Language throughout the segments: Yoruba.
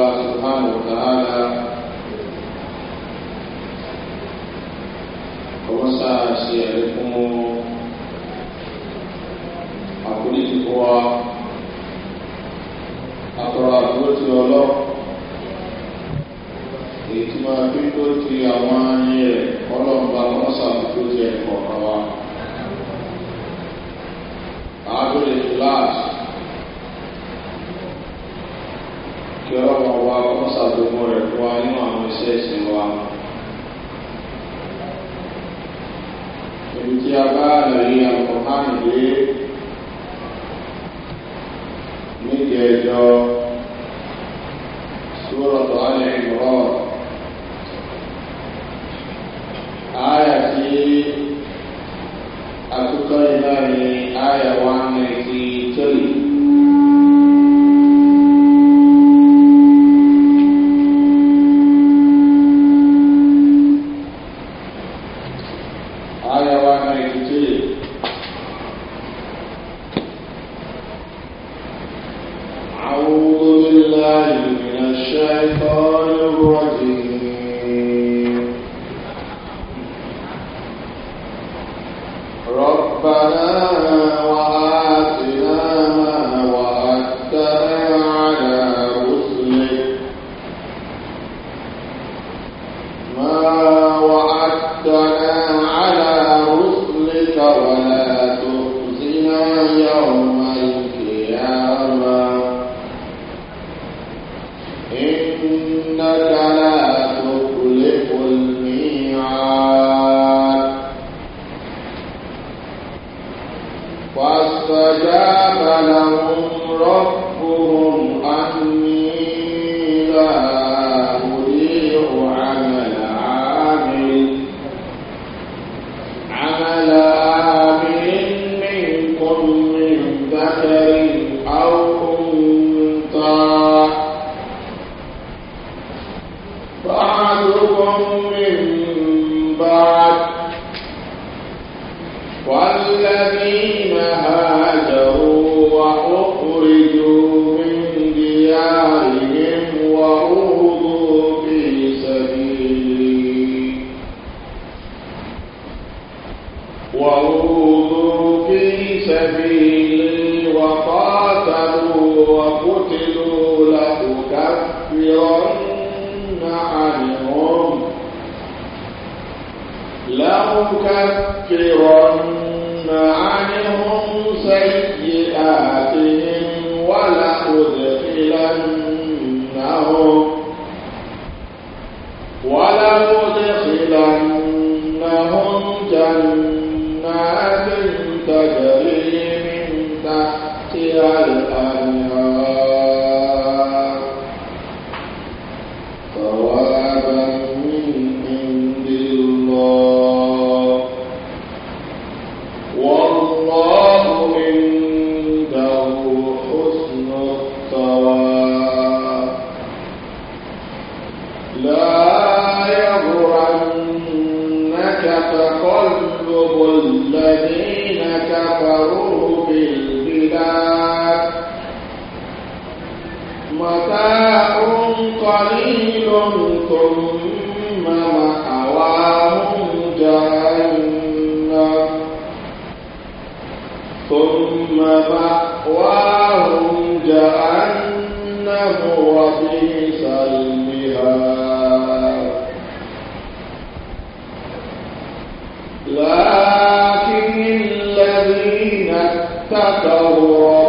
ọba sùpánù tààlà ọmọsá ṣe àlékún àforíjì fún wa àtọ̀rọ̀ àbúrò ti ọlọ́ èyí tí máa fi tó ti àwọn kọ́kọ́ ṣàdúgbò rẹ̀ fún wa nínú àwọn iṣẹ́ ìsìn wa. Èmi tí a bá àlàyé àwọn káàdì nídìí ẹjọ́. ومأواهم جهنم وبئس المهاد لكن الذين اتقوا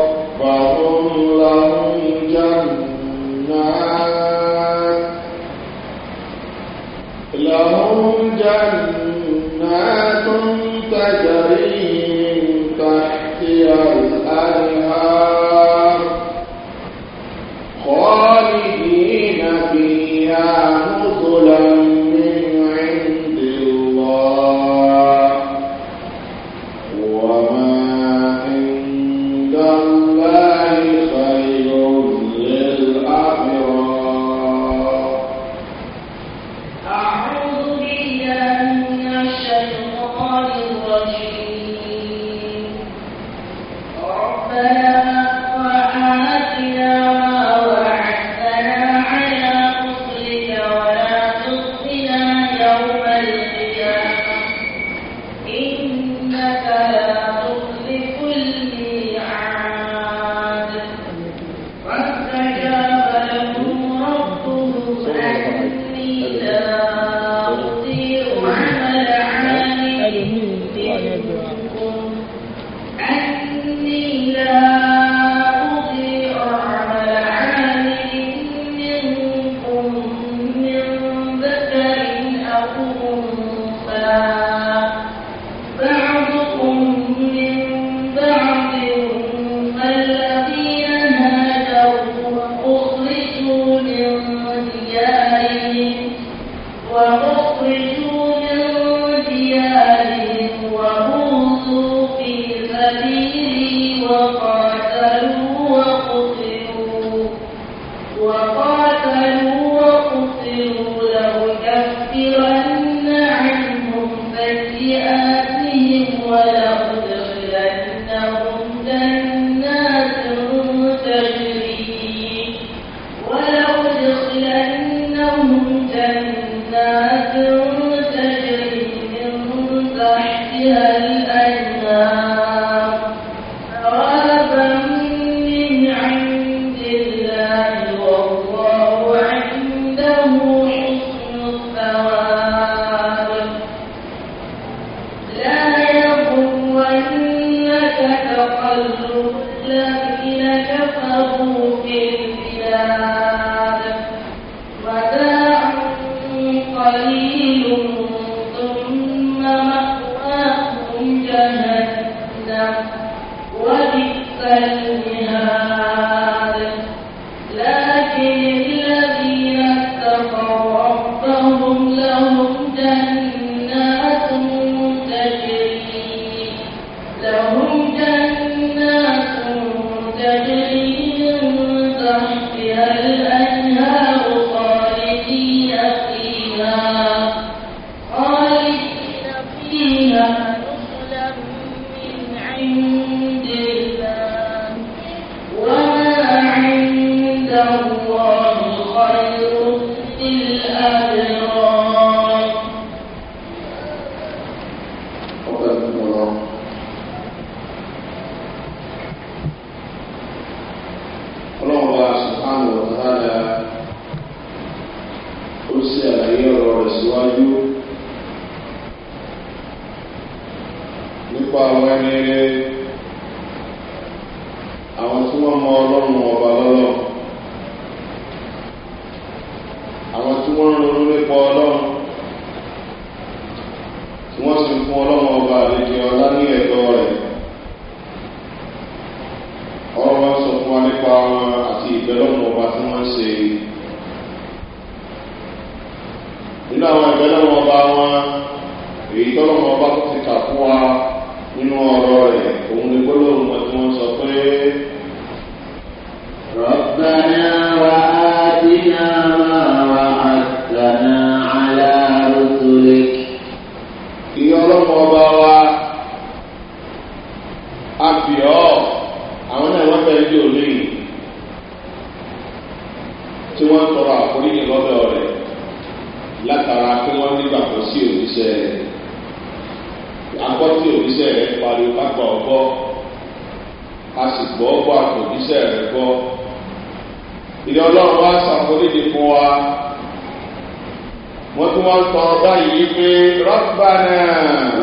wọ́n tún wọ́n sọ báyìí pé rọ́bànà.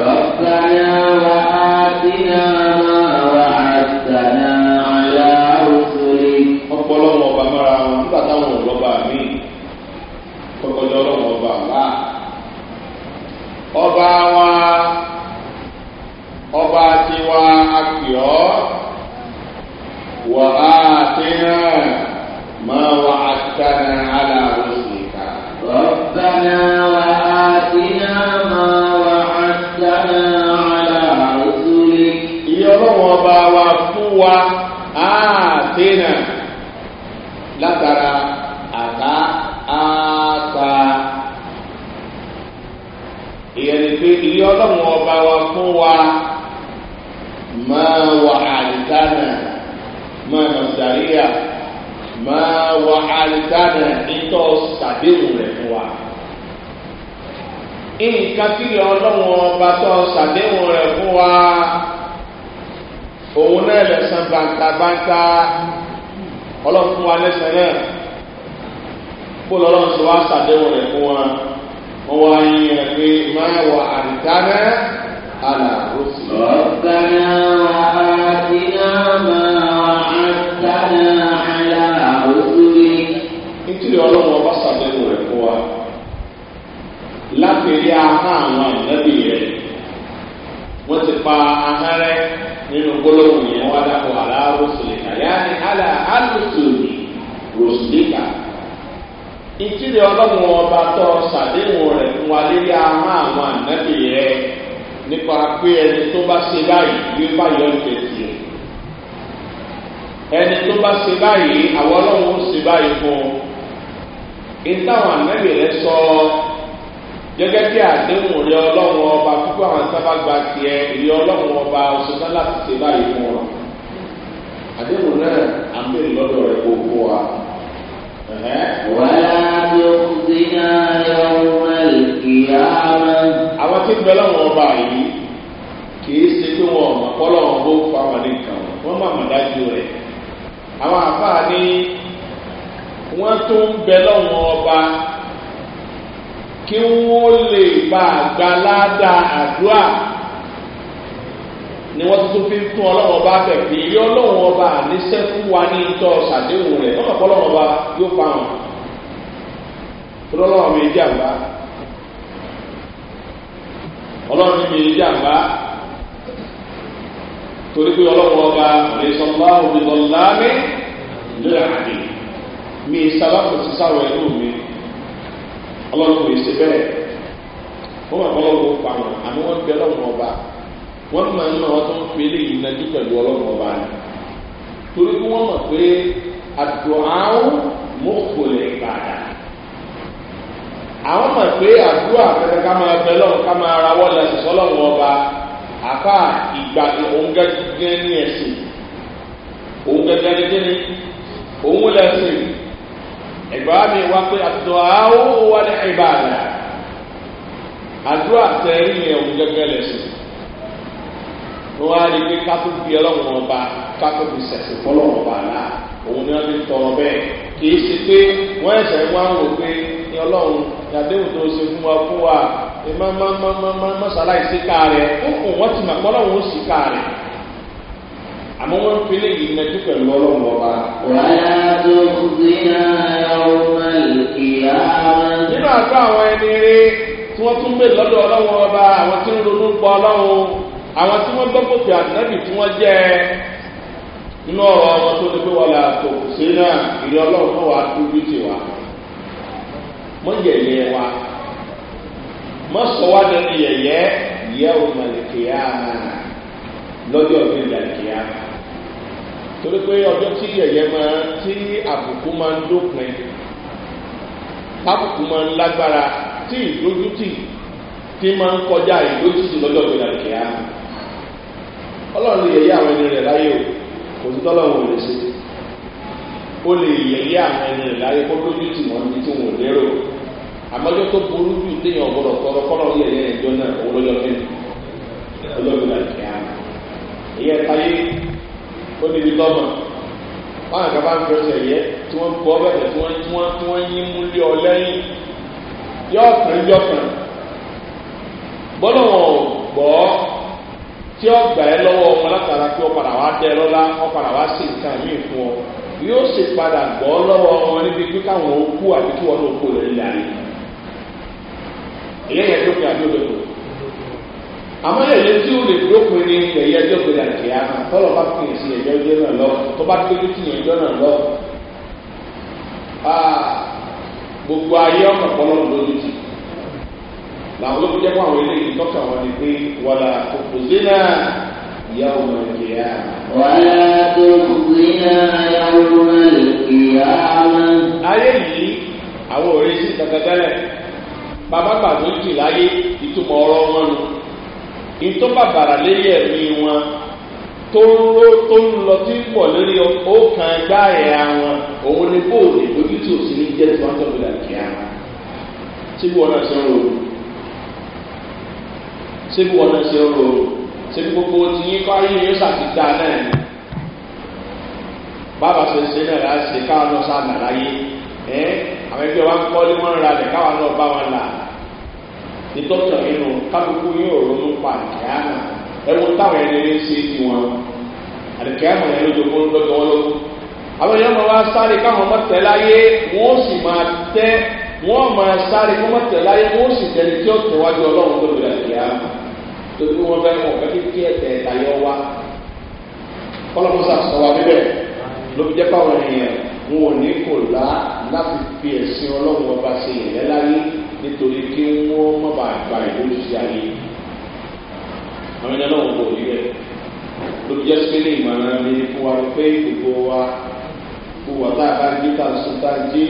rọ́bànà wà á dínà wà á sànà àyà òṣèré. ọpọlọ wọn ọba mọ́ra wọn nígbà táwọn ọlọ́ba mi kọkọjọ ọlọ́wọ́n ọba wa. ọba wa ọba tiwa akíọ́ wà á. wa fún wa máa wà àlìkánà máa nà sàríyà wà fún wa. nǹkan tí ọlọ́wọ́n ọba tó sàdéhùn rẹ̀ fún wa òun náà lẹ̀sán bàǹtàbàǹtà ọlọ́fun wa lẹ́sẹ̀ náà kó lọ́lọ́run ti wá sàdéhùn fún wa wọ́n wá yín pé wà على رسل ربنا وآتنا ما وعدتنا على رسلك nítorí ọba ṣàbẹ̀wò rẹ̀ fún wa lápẹ̀lẹ́ ahá àwọn ànábì rẹ̀ wọ́n pa ahẹ́rẹ́ nínú gbólóhùn ọba rẹ̀ lórí àwọn ànábì rẹ̀. nípa pé ẹni tó bá ṣe báyìí yóò bá yọ ọ́ tẹ̀sí ẹ̀ ẹni tó bá ṣe báyìí àwọn ọlọ́run ó ṣe báyìí fún un ìtàwọn àmẹ́bí rẹ sọ gẹ́gẹ́ bí àdéhùn rẹ ọlọ́run ọba púpọ̀ àwọn sábà gba tiẹ̀ ìrẹ ọlọ́run ọba ṣùgbọ́n láti ṣe báyìí fún wọn àdéhùn náà àmì lọ́dọ̀ rẹ gbogbo wa. wàá bí o náà yọ wọ́n àwọn tí ń bẹ láwọn ọba yìí kìí ṣe pé wọn ọmọ kọ́lọ́ wọn bó fa wọn ní nǹkan wọn má mọ̀ dájú rẹ̀ àwọn àfáà ní wọ́n tó ń bẹ láwọn ọba kí wọ́n lè bá àgbàládà àdúrà ni wọ́n tuntun fi tún ọlọ́wọ́n bá bẹ̀ pé ilé ọlọ́wọ́n ọba àníṣẹ́ fún wa ní ìtọ́ ṣàdéhùn rẹ̀ wọ́n mọ̀ kọ́lọ́wọ́n ọba yóò pa wọn. ọlọ́wọ́n mi jàmbá ọlọ́run níbi ìjàmbá torí pé ọlọ́run ọba ọ̀lẹ́sọ̀lá òbíbọ̀lá mi lórí àdé mi sábàkù ti sáwọ̀ ẹ̀rú mi ọlọ́run kò ṣe bẹ́ẹ̀ wọ́n wà ọlọ́run pa wọn àmọ́ wọ́n bẹ ọlọ́run ọba wọ́n mọ̀ ní àwọn tó ń fi eléyìí nájú pẹ̀lú ọlọ́run ọba ni torí pé wọ́n mọ̀ pé àdùn àwọn mọ̀kòlè ìbàdàn àwọn mọ̀ pé àdúrà kẹta ká máa bẹ lọ́wọ́ ká máa rawọ́ lẹ́sìn sọ́lọ́wọ́ ọba àfa ìgbà òun gẹ́gẹ́ ní ẹ̀sìn òun gẹ́gẹ́ ní kíni òun lẹ́sìn ẹ̀gbọ́n mi wá pé àtúntò àwọn wà ní ìbàdàn àdúrà tẹ̀rí yẹn òun gẹ́gẹ́ lẹ́sìn wọ́n á rí i pé kátó ọlọ́wọ́ ọba kátó fi sẹ̀sìn fọlọ́wọ́ ọba náà òun ni wọ́n ti tọrọ bẹ́ẹ̀ òfin ọlọ́run ìyàdéhùn tó ṣe fún wa fún wa ìmọ̀ ma ìsíkà rẹ̀ ó kùn wọ́n ti màpọ́ lọ́wọ́ ó sì ká àmọ́ wọ́n ń pelé yìí nẹ́jú pẹ̀lú ọlọ́run ọba. wàhálà tó gbéra ọmọ ìyá. nínú àgọ́ àwọn ẹni rí tí wọ́n tún gbé lọ́dọ̀ ọlọ́run ọba àwọn tí ń ronú pa ọlọ́run àwọn tí wọ́n gbọ́ àtẹ́bì tí wọ́n jẹ́ nínú ọ̀rọ̀ ọmọ tó gbé wọlé náà mọ yẹyẹ wa mọ sọ wa dẹni yẹyẹ yẹ o malikiya lọdí ọdún ìdàkìya torí pé tí yẹyẹ ma tí àbùkù ma ń dópin àbùkù ma ń lágbára tí ìdójútì tí ma ń kọjá ìdójútì lọdí ọdún àwọn rẹ láyé o kò sí tọ́lọ́wọ̀n ò lè ṣe. ó lè yẹ̀yẹ́ àwọn ẹni rẹ̀ láyé kó lójú tì wọ́n ní tí wọ́n lérò àmọ́jọ́ tó burú jù téèyàn ọ̀gbọ́dọ̀ tọrọ kọ́rọ̀ yẹ̀yẹ́ ẹjọ́ náà owó lọ́jọ́ fẹ́ ọlọ́dún náà kẹ́ àná ìyẹ́ táyé ó ní ibi lọ́mọ báwọn àgbà ń fẹsẹ̀ yẹ tí wọ́n kọ́ bẹ̀rẹ̀ tí wọ́n tí wọ́n tí wọ́n yín mú lé ọ lẹ́yìn yọ̀ọ̀kan yọ̀ọ̀kan gbọ́dọ̀ wọn gbọ́ tí ọgbà ẹ lọ́wọ́ wọn látara pé ọ padà wá dẹ́ lọ́lá ọ padà wá sí nǹkan fún ọ yóò sì padà gbọ́ lọ́wọ́ wọn níbi pé káwọn ó kú àbí kí wọn ó kú lórí láàyè ìyẹn yẹn tó fi àdúgbò tó àmọ́ ẹ̀yẹ tí ó lè a ní ẹ̀yẹ ẹjọ́ àti tọ́lọ̀ bá fi gbogbo ayé ọmọ ti làwọn olókùn jẹ́ fún àwọn wọn ni pé يوم القيامة ولا تخزنا يوم القيامة ayé yìí àwọn òrìṣì tẹtẹtẹrẹ bàbá gbàgbé jì láyé ìtumọ̀ ọ̀rọ̀ wọn nù ìtọ́ bàbàrà lérí ẹ̀mí wọn tó ń lọ tó ń lọ tí ń pọ̀ lórí ọkàn gbá ẹ̀yà wọn òun ni bóòlù ìdójútì òsì ní jẹ́ tí wọ́n tó gbé làkìá síbi wọn náà ṣe ń rò síbi wọn náà ṣe ń rò ṣebí gbogbo ti yín kọ́ ayé yóò ṣàtìgbà náà ni bàbá ṣe ṣe náà láti ṣe káwọn náà sáà nà láyé ẹ àwọn ẹgbẹ́ wa ń kọ́ ní wọ́n ra lẹ̀ káwọn náà bá wọn là ìtọ́jọ́ nínú kálukú yóò ronú pa àkẹ́yàmà ẹ̀rù táwọn ẹni lè ṣe ti wọn àdìkẹ́yàmà yẹn ló jogún lọ́jọ́ wọn lógún àwọn èèyàn máa wá sáré káwọn ọmọ tẹ̀ láyé wọ́n sì máa tẹ́ wọ́n máa sáré kọ́mọ tẹ̀ láyé wọ́n sì tẹ̀lé tí ó tẹ̀wájú ọlọ́run tó lè àkẹ́yàmà torí wọn bẹ wọn bẹ kí ẹsẹ̀ ìtayọ wa kọlọmọsà sọ wa bíbẹ ló fi jẹ́ pàwọn èèyàn wọn ò ní kò lá láti fi ẹ̀sìn ọlọ́run ọba ṣe ìrẹ́ láyé nítorí kí wọ́n má bàa gba ìlú sí ayé àwọn ènìyàn náà wọ̀ ní rẹ̀ ló fi jẹ́ sílé ìmọ̀ràn mi fún wa pé gbogbo wa fún wa tá a bá jí tá a sùn tá a jí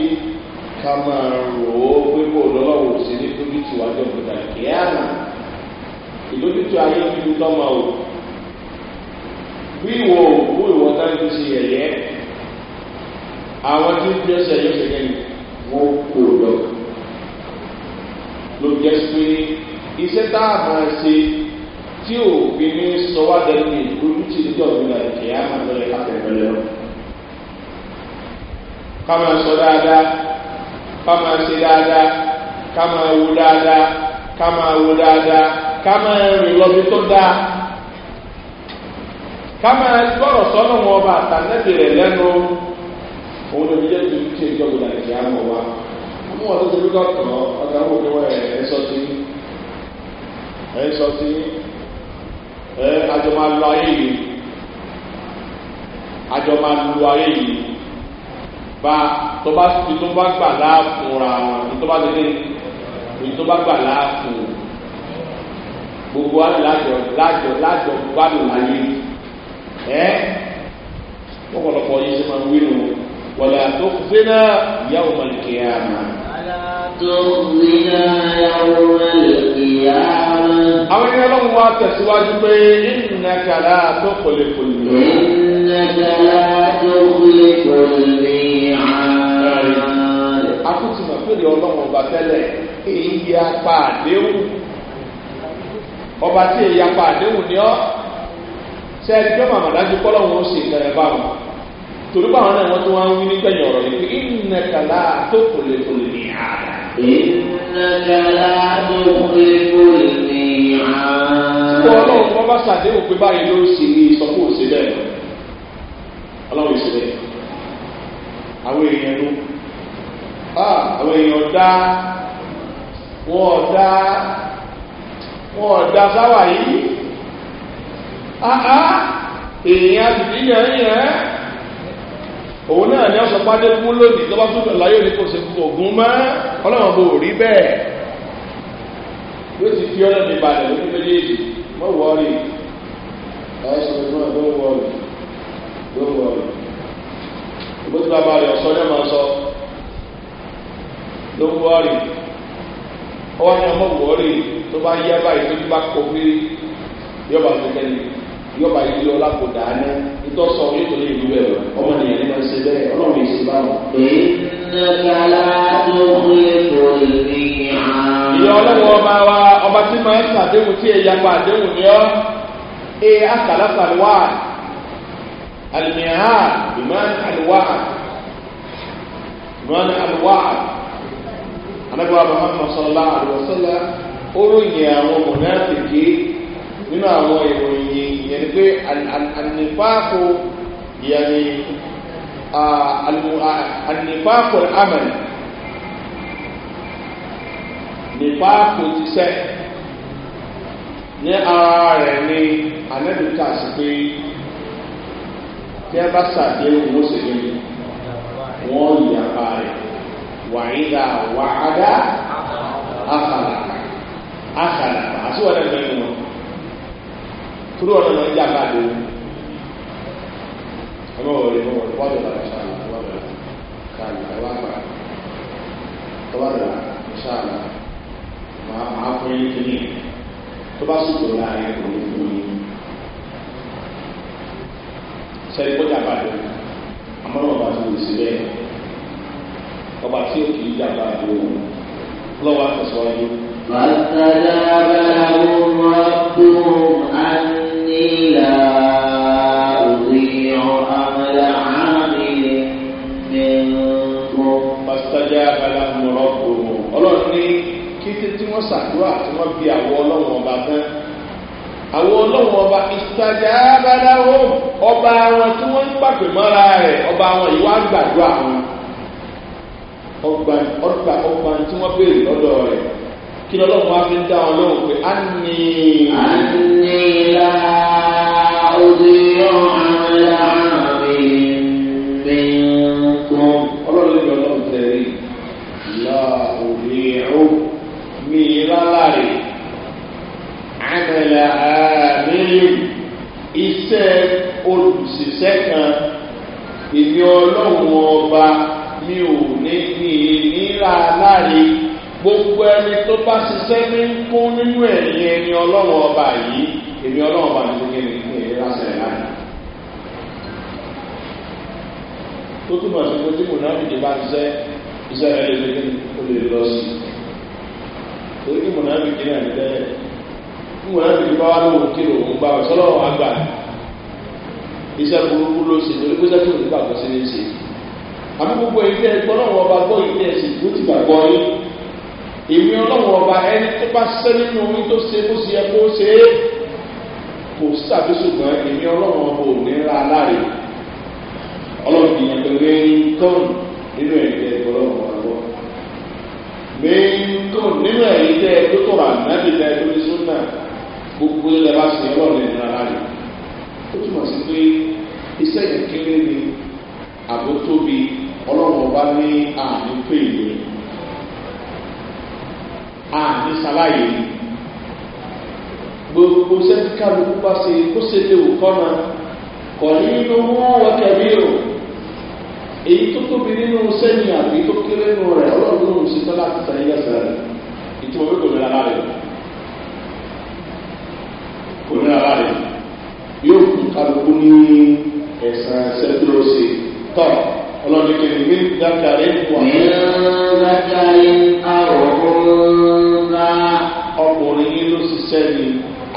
ká máa rò ó pé kò lọ́wọ́ sí ní tóbi tí wàá jọ gbọdọ̀ kíá náà ìdójútó ayé fi ń tọ́mọ o bí wo òkú ìwọ táǹkì ṣe yẹ̀yẹ́ àwọn tí ń bí ẹsẹ̀ yóò ṣe kẹ́ni wọ́n kú lọ ló jẹ́ pé iṣẹ́ tá a máa ṣe tí òfin ní sọwádẹ́ni ìdójútì nígbà òfin àti ìyá máa lọ́yẹ̀ káfíńfẹ́ lọ́wọ́ ká máa sọ dáadáa ká máa ṣe dáadáa ká máa wo dáadáa ká máa wo dáadáa ká máa rìn lọ́bi tó dáa ká máa gbọ́rọ̀ sọ́nà wọn ọba àtàlẹ́bì rẹ̀ lẹ́nu òun ló fi jẹ́ ju tí èyí ọ̀gbìn àti àmọ̀ wa àmọ́ wọn tó ti rí kọ́kọ́ ọ̀gá wọn ni wọ́n ẹ̀ sọ sí ẹ̀ sọ sí ẹ̀ àjọ máa lọ ayé yìí àjọ máa lu ayé yìí bá tó bá tó bá gbà láàfin ra wọn tó bá tó bá gbà láàfin gbogbo wa lájọ lájọ lájọ gbádùn láyé ẹ pọpọlọpọ yìí ṣe máa ń wí nù wọlé àtó fúnà yàwó malikẹ àmà. àwọn ẹni ọlọ́run wa tẹ̀síwájú pé ìnìyàn kàrà tó kọlẹ̀ kọlẹ̀. ìnìyàn kàrà tó kọlẹ̀ kọlẹ̀ àmà. akutuma pé ìyá ọlọ́run ọba tẹ́lẹ̀ èyí yá pa ọba tí èyí apá àdéhùn ni ọ́ ṣe ẹni tó màmá dájú kọ́lọ́ wọn ó sì kẹrẹ bá wọn torí báwọn náà wọ́n tó wá ń wí nígbẹ̀yìn ọ̀rọ̀ yìí pé ìnàkàlà tó kòlèkòlè ní àná. ìnàkàlà tó kòlèkòlè ní àná. wọ́n lọ́wọ́ bọ́ bá ṣàdéhùn pé báyìí ló sì ní ìsọkú òsè bẹ́ẹ̀ ọlọ́run ìṣẹ̀lẹ̀ àwọn èèyàn ló ah, àwọn èèyàn dá wọ́n dá wọn ọ̀dà sáwà yìí áá èèyàn àtìdí yẹn yẹn òun náà ní ọ̀sán pàdé kú lónìí tó bá túbọ̀ láyé òní kò ṣe kú ògún mọ́ ọlọ́run bò rí bẹ́ẹ̀ yóò ti fi ọlọ́run ìbàdàn lórí méjèèjì mọ́ wọ́ọ̀rì ẹ̀ṣẹ̀ ìgbọ́n ẹ̀ ló wọ́ọ̀rì ló wọ́ọ̀rì ìgbọ́n tí bàbá rẹ̀ ọ̀sán náà ló wọ́ọ̀rì ọwọ́ wọ́ọ̀rì tó bá yá báyìí tó ti bá kó pé yọba tó tẹ́lẹ̀ yọba yìí lọ lápò dáná nítorí sọ yóò tó lè lu ẹ̀rọ ọmọ nìyẹn ní máa ṣe bẹ́ẹ̀ ọlọ́run èsì bá wọn. ìnàkàlà tó ń lè ìrìn àná. ìyá ọlọ́run ọba wa ọba tí máa ń sàdéhùn tí èèyàn gba àdéhùn ni ọ́ ẹ àkàlàfà wà àlùmíhà ìmáà àlùwà ìmáà àlùwà àlùwà àlùwà àlùwà àlùwà àlùwà àlùwà àlùwà ó ròyìn àwọn mọ̀nàfìkì nínú àwọn ìròyìn ìyẹn pé ànífàkò ìyàní ànífàkò amẹ̀lì nífàkò ti sẹ́ ní ara rẹ̀ ní anẹ́bíkà sí pé tí ẹ bá sàdéhùn ó sì ní wọ́n yàgbá rẹ̀ wàyíra wàhádá àkàlàkà àkàlà àsìwọ̀n náà mẹ́rin wọn kúrò ọ̀nà máa ń jà káàdé ọmọ wọlé ọmọ wọlé wọ́n lọ́la ṣáàlà wọ́n lọ́la ṣáàlà wọ́n àgbà wọ́n lọ́la ṣáàlà máa fún yín kí ní tó bá sùkò láàrin kò ní fún yín sẹ́ni kó jà káàdé àmọ́ wọn bá ti wù sí bẹ́ẹ̀ ọba tí ó kì í jà káàdé òun lọ́wọ́ àtẹ̀síwájú ṣàdúrà tí wọ́n bí àwọ ọlọ́run ọba tán àwọ ọlọ́run ọba ìtajà abádáwò ọba wọn tí wọ́n ń pàpè mọ́ra rẹ̀ ọba wọn ìwà gbàdúrà wọn ọgbà ọgbà tí wọ́n béèrè lọ́dọ̀ rẹ̀ kí lọ́lọ́run wá fi ń dá ọ lóhùn pé á ní. á ní la òde ọ̀hún la mi mi kún. ọlọ́run lè lọ́lọ́run tẹ̀lé la òde ọ̀hún mi rárá rè àmàlà iṣẹ́ olùṣiṣẹ́ kan ìní ọlọ́run ọba mi ò ní ní nílá láre gbogbo ẹni tó bá ṣiṣẹ́ ní ń kún nínú ẹ̀yìn ẹni ọlọ́run ọba yìí èmi ọlọ́run ọba ti gbé ní èyí lásìrè láàyè. tó túmọ̀ sí pé tí mo náà fìdí bá ṣiṣẹ́ iṣẹ́ rẹ̀ lè lè ó lè lọ sí i. torí kí mo náà fìdí náà ní bẹ́ẹ̀ kí mo náà fìdí bá wà lóhùn kí lòun gbà wọ́n sọ́lọ́ wọn àgbà iṣẹ́ burúkú ló ṣe torí pé sẹ́kùn nígbàgbọ́ sí ní ṣe. àbí gbogbo ilé ẹgbọ́n náà wọ́n èmi ọlọ́wọ́ ọba ẹni tó bá ṣẹ́ nínú omi tó ṣe bó ṣe yẹ kó ṣe é kò sàbí ṣùgbọ́n èmi ọlọ́wọ́ ọba ò ní ra aláre ọlọ́ọ̀dì yẹn pẹ̀lú nǹkan nínú ẹ̀jẹ̀ ọlọ́wọ́ ọba nǹkan nínú ẹ̀jẹ̀ tó tọ̀rọ̀ ànábì náà tó ní sọ́nà gbogbo ilẹ̀ bá ṣe ọlọ́ọ̀dì ní aláre ó túmọ̀ sí pé iṣẹ́ yẹn ni àbótóbi ọlọ́wọ́ ọba ní àdúgbò àní sàlàyé gbogbo sẹ́ńtìkàlù púpà sí kó ṣètè òkọ́nà kọ̀ní inú wọn wọ́kẹ̀mí o èyí tó tóbi nínú sẹ́ni àbí tó kéré nù rẹ̀ ọlọ́run ló ń ṣetán láti sàn yẹ sàn rẹ̀ ìtumọ̀ pé kò ní ara rẹ̀ kò ní ara rẹ̀ yóò kú kálukú ní ẹ̀sán sẹ́dúrósì tọ́ ọlọ́run kékeré ní dákàrí wà. ní dákàrí àrò ńlá ọkùnrin yín ló ṣiṣẹ́ ni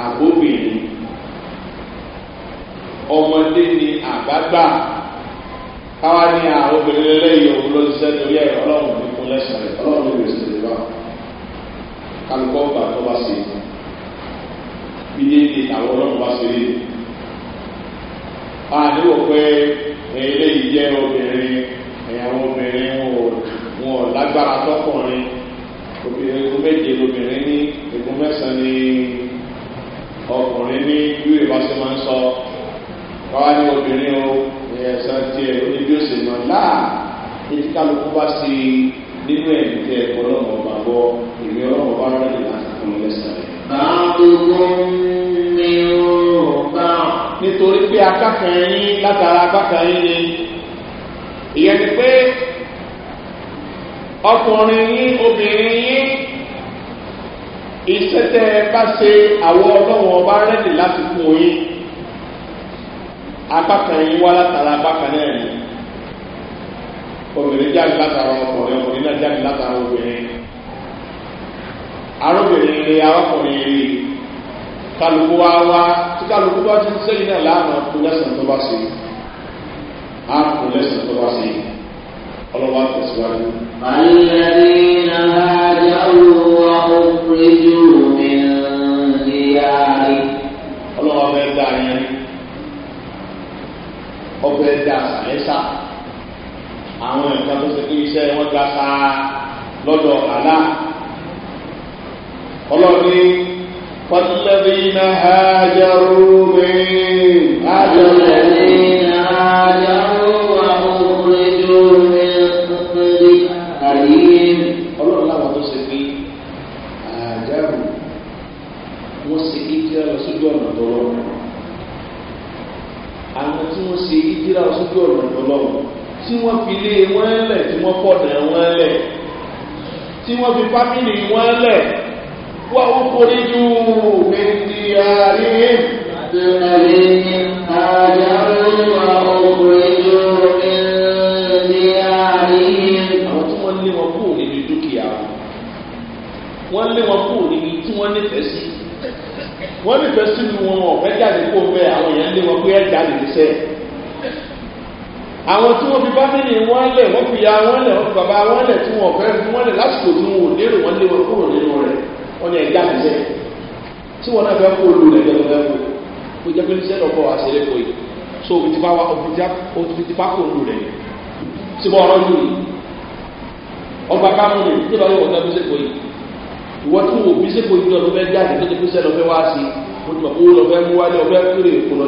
àbóbìnrin ọmọdé ni àbágbà káwá ní àwọn obìnrin lẹ́yìn òun ló ṣiṣẹ́ torí ẹ̀ ọlọ́run ní fún lẹ́sàn-án ọlọ́run ní ìrèsì lè wá kálukọ́ gbà tó bá ṣe bí déédé àwọn ọlọ́run bá ṣe rí àdéhùn pé eléyìí jẹ́ obìnrin ẹ̀yàwó obìnrin wọn ò lágbára tọkùnrin egun méje lóbìnrin ní egun mẹ́sàn-án ní ọkùnrin ní bí ìbá ṣe máa ń sọ wáá ní obìnrin o ẹ̀sán tiẹ̀ lóní bí ó ṣe mọ̀ láà etí kálukú bá ṣe nínú ẹ̀mí tẹ ẹ̀kọ́ lọ́mọ ọba gbọ́ èmi ọlọ́mọ bá rẹ̀ láti fún un án báwo ni o bá. nítorí pé akákan yín látara akákan yín ni ìyẹn ni pé ọkùnrin yín obìnrin yín iṣẹ́ tẹ́ ẹ bá ṣe àwọn ọlọ́wọ́n ọba rẹ́dì láti fún yín apákan yín wá látara apákan náà ni obìnrin jáde látara ọkùnrin ọkùnrin náà jáde látara obìnrin arúgbìnrin ni arákùnrin rí kálukú wá wá tí kálukú bá ti ń sẹ́yìn náà láàmú ọkùnrin lẹ́sìn tó bá ṣe á lẹ́sìn tó bá ṣe yìí ọlọ́wọ́ àtẹ̀síwájú. àlẹ́lẹ́ náà jáwó wa ó péjú mi ní ààrẹ. ọlọ́wọ́ bẹ́ẹ̀ dá yẹn ọbẹ̀ dá sàlẹ́sà àwọn ẹ̀ka tó ṣe kí iṣẹ́ wọn gba mi. hijira sójú ọ̀nà ọlọ́run tí wọ́n fi lé wọ́n lẹ̀ tí wọ́n fọ̀nà wọ́n lẹ̀ tí wọ́n fi fámìlì wọ́n lẹ̀ wọ́n ó forí ju ètì ààrẹ àtẹ̀wé àyàwó àwọn ọkùnrin ju àwọn tí wọ́n lé wọn kúrò níbi dúkìá wọ́n lé wọn kúrò níbi tí wọ́n nífẹ̀ẹ́ sí wọ́n nífẹ̀ẹ́ sí wọn ọ̀fẹ́ jáde kó bẹ́ẹ̀ àwọn èèyàn lé wọn pé ẹ̀ jáde níṣẹ́ àwọn tí wọ́n fi bámẹ́lì wọn lẹ̀ wọ́n fi ya wọn lẹ̀ wọ́n fi bàbá wọn lẹ̀ tí wọ́n fẹ́ fi wọn lẹ̀ lásìkò tí wọn ò lérò wọn lé wọn kúrò nínú rẹ̀ wọ́n ní ẹ̀dá àtijọ́ tí wọ́n náà fẹ́ kó lu lẹ́gbẹ̀ẹ́ lọ́wọ́ ẹ̀kọ́ tó jẹ́ pé níṣẹ́ lọ́kọ́ àṣẹlẹ̀ kọ́ yìí so òbí ti bá wa òbí ti bá kó lu rẹ̀ tí wọ́n rọ́ ju ọgbà kámú ni tí wọ́n yọ̀ ọ̀tọ́ bí sẹ́kọ̀ọ́ yìí ìwọ tí wọn òbí sẹ́kọ̀ọ́ yìí lọ́dún fẹ́ jáde tó ti fi sẹ́ lọ́fẹ́ wá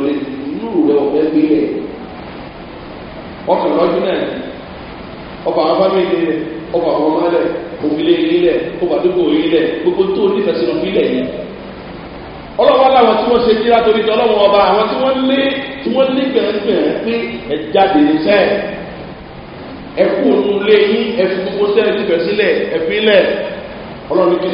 sí i ọkàn lọ́dún náà ni ọba àwọn fámìlì rẹ̀ ọba àwọn ọmọ rẹ̀ òbílẹ̀ ilẹ̀ ọba àdúgbò ilẹ̀ gbogbo tó nífẹ̀ẹ́ sínú ilẹ̀ yẹn ọlọ́wọ́ làwọn tí wọ́n ṣe kíra torí ti ọlọ́wọ́ ọba àwọn tí wọ́n lé tí wọ́n lé gbẹ̀rẹ́gbẹ̀rẹ́ pé ẹ jáde níṣẹ́ ẹ kú òun lé yín ẹ fi gbogbo sẹ́ẹ̀ nífẹ̀ẹ́ sílẹ̀ ẹ fi lẹ̀ ọlọ́run kí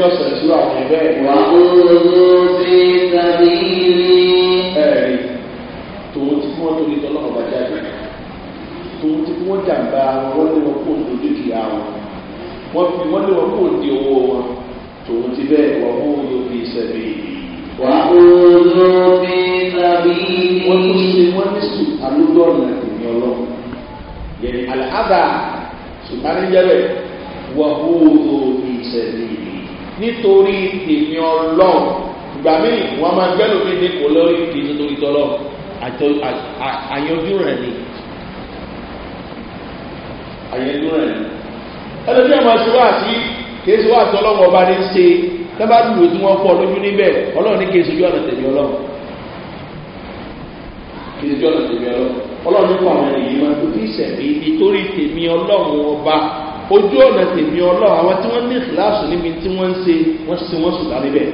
tòun ti fi wọ́n jàǹbá wọn lé wọn kó ní dúkìá wọn wọ́n fi wọ́n lé wọn kó ní owó wọn tòun ti bẹ́ẹ̀ wọ́n mú yóò fi sẹ́mi. wà á lọ bí tàbí. wọ́n tún ṣe wọ́n ní sùn alúgbọ́nà ìní ọlọ́run yẹn àlàáfà sùpàníjẹ́bẹ̀ wà á lọ bí sẹ́mi. nítorí ìní ọlọ́run ìgbà míì wọ́n máa gbẹ́lòmíì ní kò lórí kì í nítorí tọ́lọ́ àyànjú rẹ̀ ni àyè dúró rẹ̀ ẹni bí àwọn aṣọ wá sí kì í ṣe wá sí ọlọ́wọ́ ọba ní ṣe tẹ́bá dùn tí wọ́n pọ̀ lójú níbẹ̀ ọlọ́run ní kì í ṣojú ọ̀nà tẹ̀mí ọlọ́run kì í ṣojú ọ̀nà tẹ̀mí ọlọ́run ọlọ́run ní kọ́ àwọn ènìyàn máa tó fi ṣẹ̀mí nítorí tèmi ọlọ́run ọba ojú ọ̀nà tèmi ọlọ́run àwọn tí wọ́n ní ìkìláàsù níbi tí wọ́n ń ṣe wọ́n ṣe wọ́n sùn dá níbẹ̀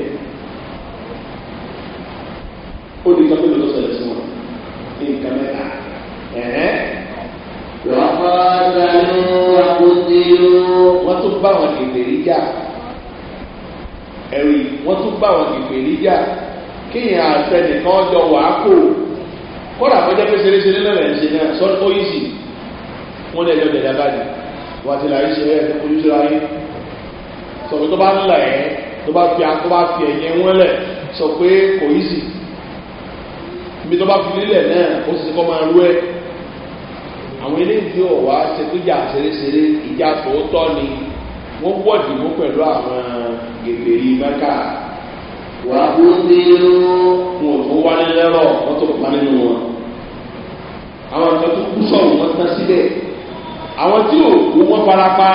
ó di kan tó wọ́n tún bá wọn kèfèrí jà ẹ̀rí wọ́n tún bá wọn kèfèrí jà kéèyàn àtẹnìkan ọjọ́ wàá kò kọ́dà kọjá pé ṣeréṣeré náà lẹ́yìn ṣe náà sọ́dún ó yìí sì wọ́n lè jọ dẹ̀dá báyìí wà á ti là ń ṣe ẹ̀ ojúṣe ayé sọ̀rọ̀ tó bá ń là ẹ́ tó bá fi tó bá fi ẹ̀yẹ wọn lẹ̀ sọ pé kò yìí sì ibi tó bá fi lílẹ̀ náà ó sì kọ́ máa rú ẹ̀ àwọn eléyìí ò wá ṣe tó jà ṣeréṣeré ìjà tòótọ́ ni wọ́n wọ́ọ̀dì mú pẹ̀lú àwọn gègèrè mẹ́ka. wà á tún dé ló wọn ò fún wálé lẹ́rọ̀ wọ́n tó pa nínú wọn. àwọn kan tó kú sọ̀rọ̀ wọn tán síbẹ̀ àwọn tí ò kú wọn farapa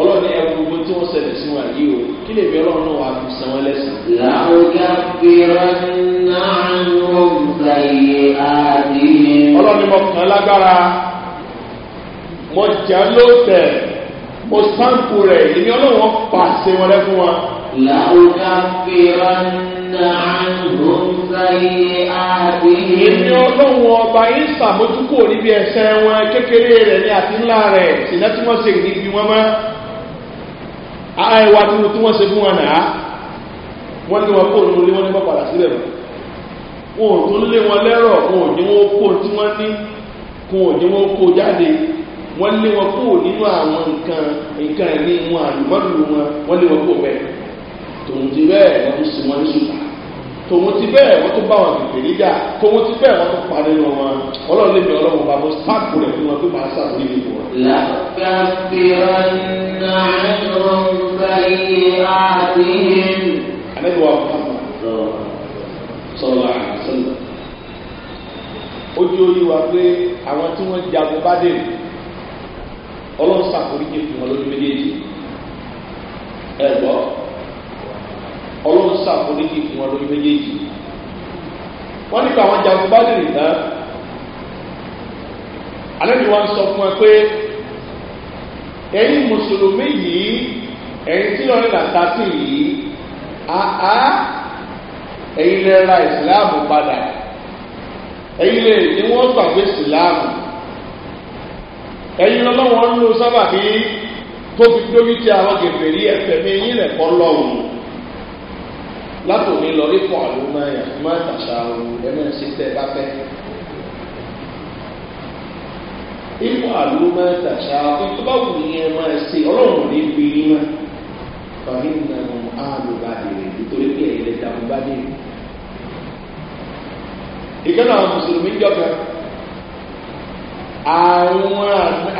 ọlọ́ni ẹ wo gbogbo tí wọ́n ṣẹlẹ̀ sí wọn yìí o kí lè bí ọlọ́run náà wà á fi san wọn lẹ́sìn. làwọn gàgbé rẹ̀ náà ń rọ̀ gbàyè àdìyẹ ọlọ́ni mo kàn lágbára mo jà ló tẹ̀ mo sáǹkù rẹ̀ èmi ọlọ́wọ́ pàṣẹ wọn lẹ́ fún wa. làwùjá fi rànà àlùkò sáyé àdéhùn. èmi ọlọ́wọ́ ọba yín sàmójúkò níbi ẹsẹ̀ wọn kékeré rẹ̀ ní àti ńlá rẹ̀ sìnà tí wọ́n ṣe níbi wọn mọ́. àìwá tuntun tí wọ́n ṣe fún wọn nà á wọ́n ní wọn kó lórí wọn ní wọ́n padà sílẹ̀ mọ́ wọn ò tún lé wọn lẹ́rọ̀ wọn ò ní kó tí wọ́n ní wọn ò kó jáde wọ́n lé wọn kó nínú àwọn nǹkan nǹkan ẹ̀mí wọn àlùmọ́dù wọn wọ́n lé wọn kó bẹ́ẹ̀ tòun ti bẹ́ẹ̀ wọ́n tún sin wọn ní ṣùgbọ́n tòun ti bẹ́ẹ̀ wọ́n tún bá wọn gbègbè níjà tòun ti bẹ́ẹ̀ wọ́n tún parí nù wọn ọlọ́run lè ọlọ́run bá bọ́ sáàpù rẹ̀ fún wọn pé màá sáàpù níbi ìwọ. làkàtìrán ojú orí wa pé àwọn tí wọ́n jagun bá dé ọlọ́run ṣàforíjì fún wọn lójú méjèèjì ẹ gbọ́ ọlọ́run ṣàforíjì fún wọn lójú méjèèjì wọ́n nípa àwọn jagun bá dé nìkan alẹ́ ni wọ́n sọ fún ẹ pé ẹ̀yin mùsùlùmí yìí ẹ̀yin tí lọ́rin làtà sí yìí àá ẹ̀yin lè ra padà ẹ̀yin lè ní wọ́n gbàgbé sìláàmù ẹ̀yin lọ́wọ́ ń lo sábàbí tó fi dórí ti àwọn gèbèrè ẹ̀fẹ̀ mi yín lẹ̀kọ́ lọ́wọ́ látòmí lọ rí fún àlùmọ́ ẹ̀ máa tàṣà òun ẹ̀mẹ́ sí tẹ́ bá fẹ́. ipò àlùmọ́ tàṣà ìtọ́báwò yẹn máa ṣe ọlọ́run ní bí yín mọ́. fàmí nà áàlù nítorí pé ẹ̀yẹ lè dàmú bá dèrè ìkànnì àwọn mùsùlùmí jọba àwọn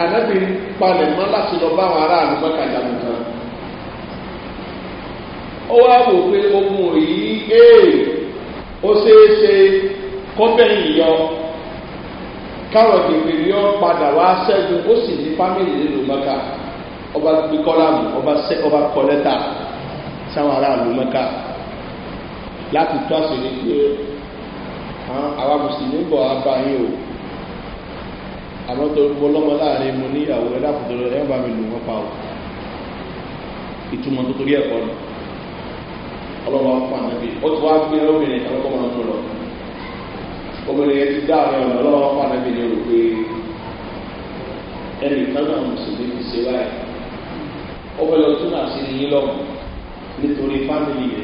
ànábì palẹ̀ mọ́ láti lọ bá àwọn aráàlú mọ́kàdá nìkan ó wá wò pé ogun yìí ee ó ṣeéṣe kọ́bẹ̀yìn yọ káwọn kèfèrè yọ padà wá sẹ́gun ó sì ní fámìlì nínú mọ́kà ọba bíkọ́lámù ọba kọ lẹ́tà sáwọn aráàlú mọ́kà láti tó àṣírí pé àwa mùsùlùmí ń bọ̀ abá yín o àmọ́ tó mo lọ́mọ láàrin mo ní ìyàwó ẹ dákòtò ẹ bá mi lù wọ́n pa o ìtumọ̀ tó torí ẹ̀kọ́ ni ọlọ́wọ́ fún ànábì ó ti wá gbé obìnrin ọlọ́kọ́ máa tó lọ obìnrin yẹn ti dá àwọn ọ̀nà ọlọ́wọ́ fún ànábì ní o pé ẹnì kan náà mùsùlùmí ti ṣe báyìí ó nítorí fámìlì rẹ̀.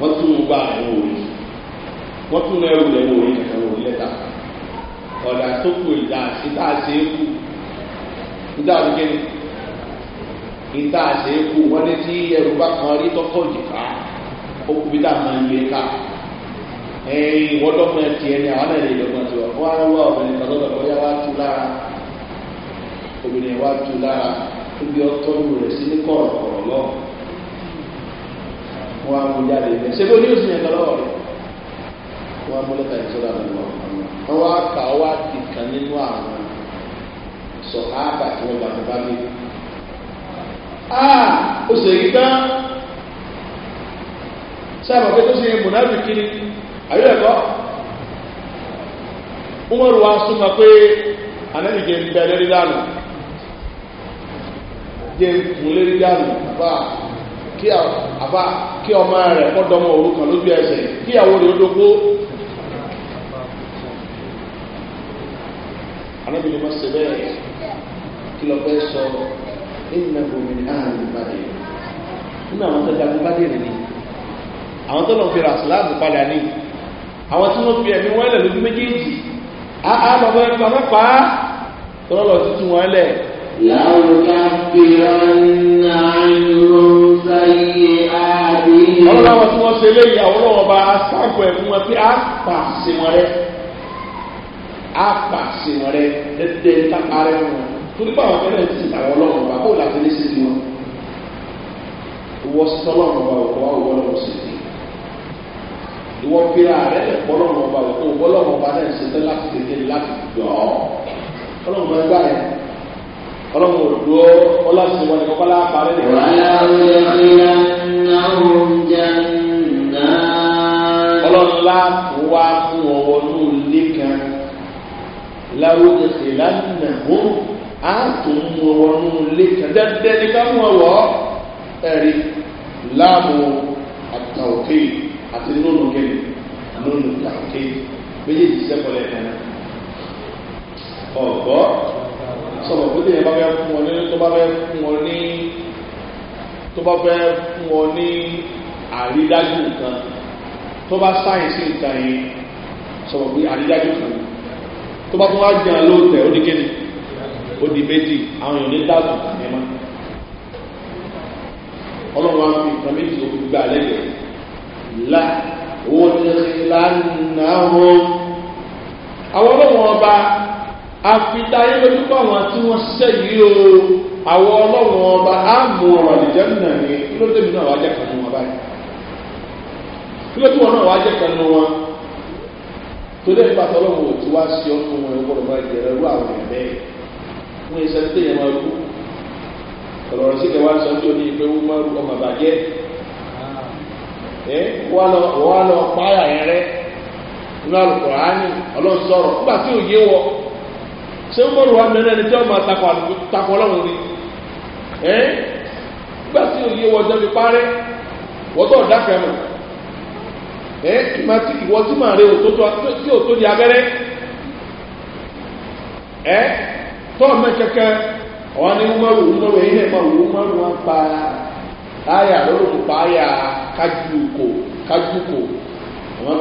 wọ́n tún gbà ẹ̀wọ̀n òní wọ́n tún ẹrù ẹ̀wọ̀n òní kẹ̀kẹ́ wọ̀ lẹ́tà ọ̀dà tó kù ìdá ìta àṣẹ kù ìdá àdúgbẹ́ni wọ́n ní tí ẹrù bá kan rí tọ́kọ̀ jìká ó kú máa ń ká àwọn náà lè tiwọn wọ́n á wá ọ̀bẹ̀ni wọn á mú jáde ibẹ̀ ṣé bó ní oṣù yẹn lọ́wọ́ rẹ̀ wọn á mú lẹ́tà yìí sọ́dọ̀ àwọn ọmọ wọn á kà wá ti kàn nínú àwọn sọ̀háàbà tí wọ́n gbà tó bá mi. a ó sì rí sábà pé tó ṣe yẹn mùnàbì kiri àyè ẹ̀kọ́ umaru wa súnmọ́ pé anẹ́nìjẹ ń bẹ lórí dànù jẹ́ ń lórí dànù bá kí àbá kí ọmọ rẹ̀ kọ́dọ̀mọ orúkọ lójú ẹsẹ̀ kí àwọn rẹ̀ ó dógó anábìnrin mọ́ sí bẹ́ẹ̀ kí lọ fẹ́ sọ ìnà omi ààrùn ìbàdí nínú àwọn tó jagun bádé rẹ̀ ni àwọn tó lọ fi rà síláàbù padà ní àwọn tí wọ́n fi ẹ̀mí wọ́n lẹ̀ lójú méjèèjì á lọ fẹ́ pa mẹ́pàá tọ́lọ́lọ́ tuntun wọn lẹ̀ ọlọ́wọ́ tí wọ́n ṣe léyìí àwọn ọlọ́wọ́ bá sáàpù ẹ̀ fún wọn pé á pa sí wọn rẹ á pa sí wọn rẹ ẹ̀dẹ̀ ìtàkà rẹ fún wọn torí pé àwọn ọ̀fẹ́ náà ti tàwọn ọlọ́wọ́ bá kó làtí ní sí wọn ìwọ sọlọ́ ọ̀nà ọ̀bà òkú àwọn ọlọ́wọ́ sì ti ìwọ fira rẹ ẹ̀kọ́ ọlọ́wọ́ ọba òkú ọlọ́wọ́ ọba náà ṣe tẹ́ ọlọ́run òdòdó ọlọ́sìn wọn ni kọ́kọ́ lápárẹ́ nìkan. wàhálà ọ̀rẹ́ ọ̀rẹ́ náà oúnjẹ náà. ọlọ́run láàpù wá fún ọwọ́ ní ilé kan láwùjọ sí lánàá hó á tún mú ọwọ́ ní ilé kan dẹ́dẹ́ ní ká mú ọwọ́ ẹ̀rí láàmú àtàwọ̀kè àti nínú kẹ́lẹ̀ méjèèjì sẹ́kọ̀ọ́ lẹ́ẹ̀kan náà. ọ̀gbọ́n sọ̀rọ̀ pé tèèyàn bá fẹ́ fún ọ ní tó bá fẹ́ fún ọ ní tó bá fẹ́ fún ọ ní àrídájú nǹkan tó bá sáyẹ̀nsì nǹkan yìí sọ̀rọ̀ pé àrídájú kan tó bá tún wá jẹun lóòótẹ́ ó ní kéde ó di méjì àwọn èèyàn ní dáàbò ní ma ọlọ́run á fi nǹkan méjì tó gbogbo alẹ́ yẹn la òun ni lánàá wọn àwọn ọlọ́run ọba àfitá yín lójúkọ àwọn tí wọ́n ṣiṣẹ́ yìí o àwọn ọlọ́run ọba á mú ọ̀rọ̀ àdìjẹ́ nà ní kí ló débi náà wàá jẹ́ kan nù wọn báyìí kí ló tí wọn náà wàá jẹ́ kan nù wọn tó dé ìpàtọ́ ọlọ́run ò ti wá sí ọkùnrin wọn ìwọ́n ọba ìjẹ́ ẹrú àwọn ẹ̀ bẹ́ẹ̀ fún iṣẹ́ tí èèyàn máa kú ọ̀rọ̀ sí kẹwàá sọ tí o ní ìpéwú máa rú ọmọ bàjẹ́ ẹ wà lọ lọ ṣé ń bọ̀rù wa mẹ́rin ẹni tí wọ́n máa takọ̀ ọlọ́run ni ẹ́ nígbà tí òye wọ́jọ́ fi parẹ́ wọ́tọ̀ dákẹ́ mọ̀ tí tí tí di abẹ́rẹ́ ẹ́ tọ́ọ̀ mẹ́ kẹ́kẹ́ ní umaru umaru ẹ̀yìn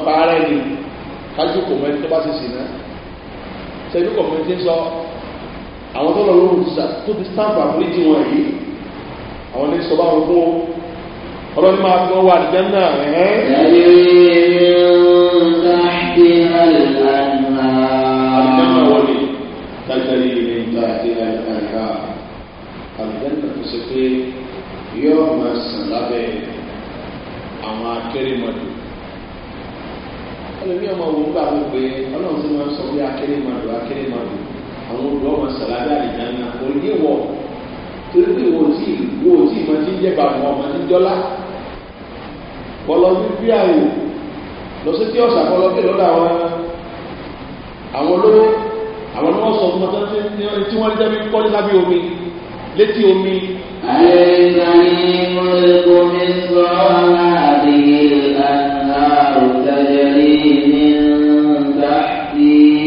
ara sẹ́dú kọ̀ọ̀kan ti sọ àwọn tó lọ lóhùn tó ti stamp àforíjì wọn yìí àwọn ní sọ báwọn fún ọlọ́ni máa fi wọ́n wà ní jẹ́nà rẹ̀. àdìjẹ́nà wọlé tájàrí ilé ìta àti àyíká àdìjẹ́nà tó ṣe pé yóò máa sàn lábẹ́ àwọn akérèmọdò ẹlòmí ọmọ òun gbà mí pé ọlọ́run tí wọ́n sọ bí akéré máa lò akéré máa lò àwọn olùdó ọmọ sàládà àdìjà ńlá òun ní ìwọ tí ìwọ tí ìmọ̀ ti ń jẹ́ bàbá ọmọ ti dọ́là bọ́lọ́ bíbí àwò lọ ọ̀sà bọ́lọ́ bí lọ́dọ̀ àwọn àwọn olówó àwọn ọmọ sọ fún ọtọ́ tí wọ́n jẹ́ bí kọ́lé lábẹ́ omi létí omi. àìsàn ìmọ̀ ẹ̀kọ́ mi sọ ọ́ àdìyẹ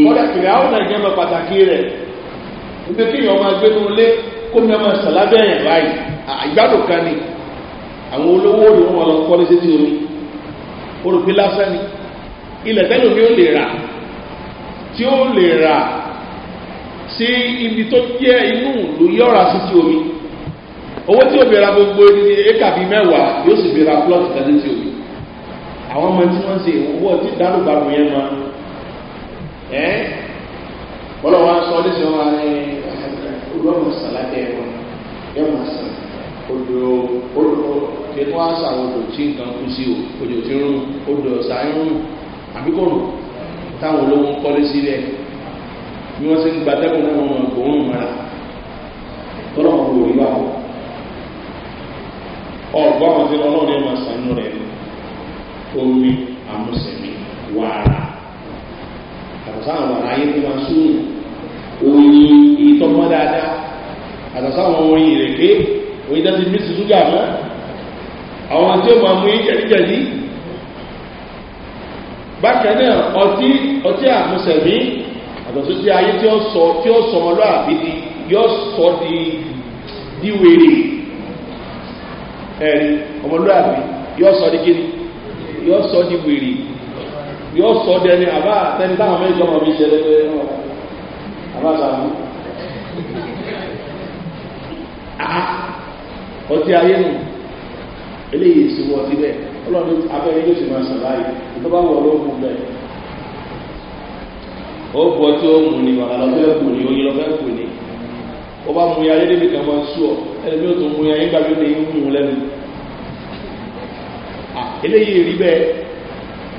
kọ́dà kìrì àwọn náà jẹ́ mọ́ pàtàkì rẹ̀ wípé kí èèyàn máa gbé nínú ilé kó ní ọmọ ẹ̀sán lábẹ́ ẹ̀yàn báyìí àgbàdo kan ni àwọn olówó ni wọ́n lọ kọ́ létí omi orúkú lásán ni ilẹ̀ tẹ́lẹ̀ mi ò lè rà tí ó lè rà sí ibi tó jẹ́ inú ìlú yọ̀ra sí ti omi owó tí ó bẹ̀rẹ̀ gbogbo ní éka bíi mẹ́wàá yóò sì bẹ̀rẹ̀ plọ́ọ̀tì kan létí omi àwọn ọmọ tí wọ́n ń se owó ọtí dárúgbàgbọ̀ yẹn máa ẹ́ ọlọ́wọ́ aṣọ ní sọ wa ní olóòmù sàlàdé wọn yọmọ sàn odò odò kíkọ́ àṣà odò tí nǹkan kú sí o odò tí rún odò ọ̀sà ń rún àbíkọ̀rọ̀ táwọn olówó ń kọ́lé sílẹ̀ bí wọ́n ti ń gbatẹ́kùn náà wọn kò ń rún mọ́ra tọ́lọ́mọ̀ kò rí wà wọ́n ọgbọ́n ti lọ́nà ní ọmọ sànú rẹ̀ omi àmúsẹ̀mí wàrà àtọ̀sáwọn ọ̀rọ̀ ayé tó máa súnù oyin ìtọ́mọ́ dáadáa àtọ̀sáwọn oyin ìrèké oyin dási mí ṣùgbà mọ́ àwọn tí ó máa mú yín jẹ́díjẹ́dí bákan náà ọtí ọtí àmúṣẹ̀mí àtọ̀sọ́ sí ayé tí ó sọ tí ó sọ ọlọ́àbí di yóò sọ di di wèrè ẹ̀rí ọmọlúwàbí yóò sọ di kiri yóò sọ di wèrè yọ sọ dẹni àbá àtẹni táwọn méjì ọmọ mi ṣe lẹ́gbẹ́ àbá sàmú. ọtí ayé nù eléyìí ìṣòwò ọtí bẹ́ẹ̀ ọlọ́run abẹ́rẹ́ yóò sì máa sọ̀rọ̀ ayé tó bá wọ̀ lóògùn bẹ́ẹ̀. ó bọ́ tí ó mú ni wàhálà lọ́fẹ́ kù ni oyin lọ́fẹ́ kù ni ó bá mú ya lédè nìkan máa ń sú ẹni bí ó tún mú ya yín gbàgbé ní yín mú un eléyìí rí bẹ́ẹ̀.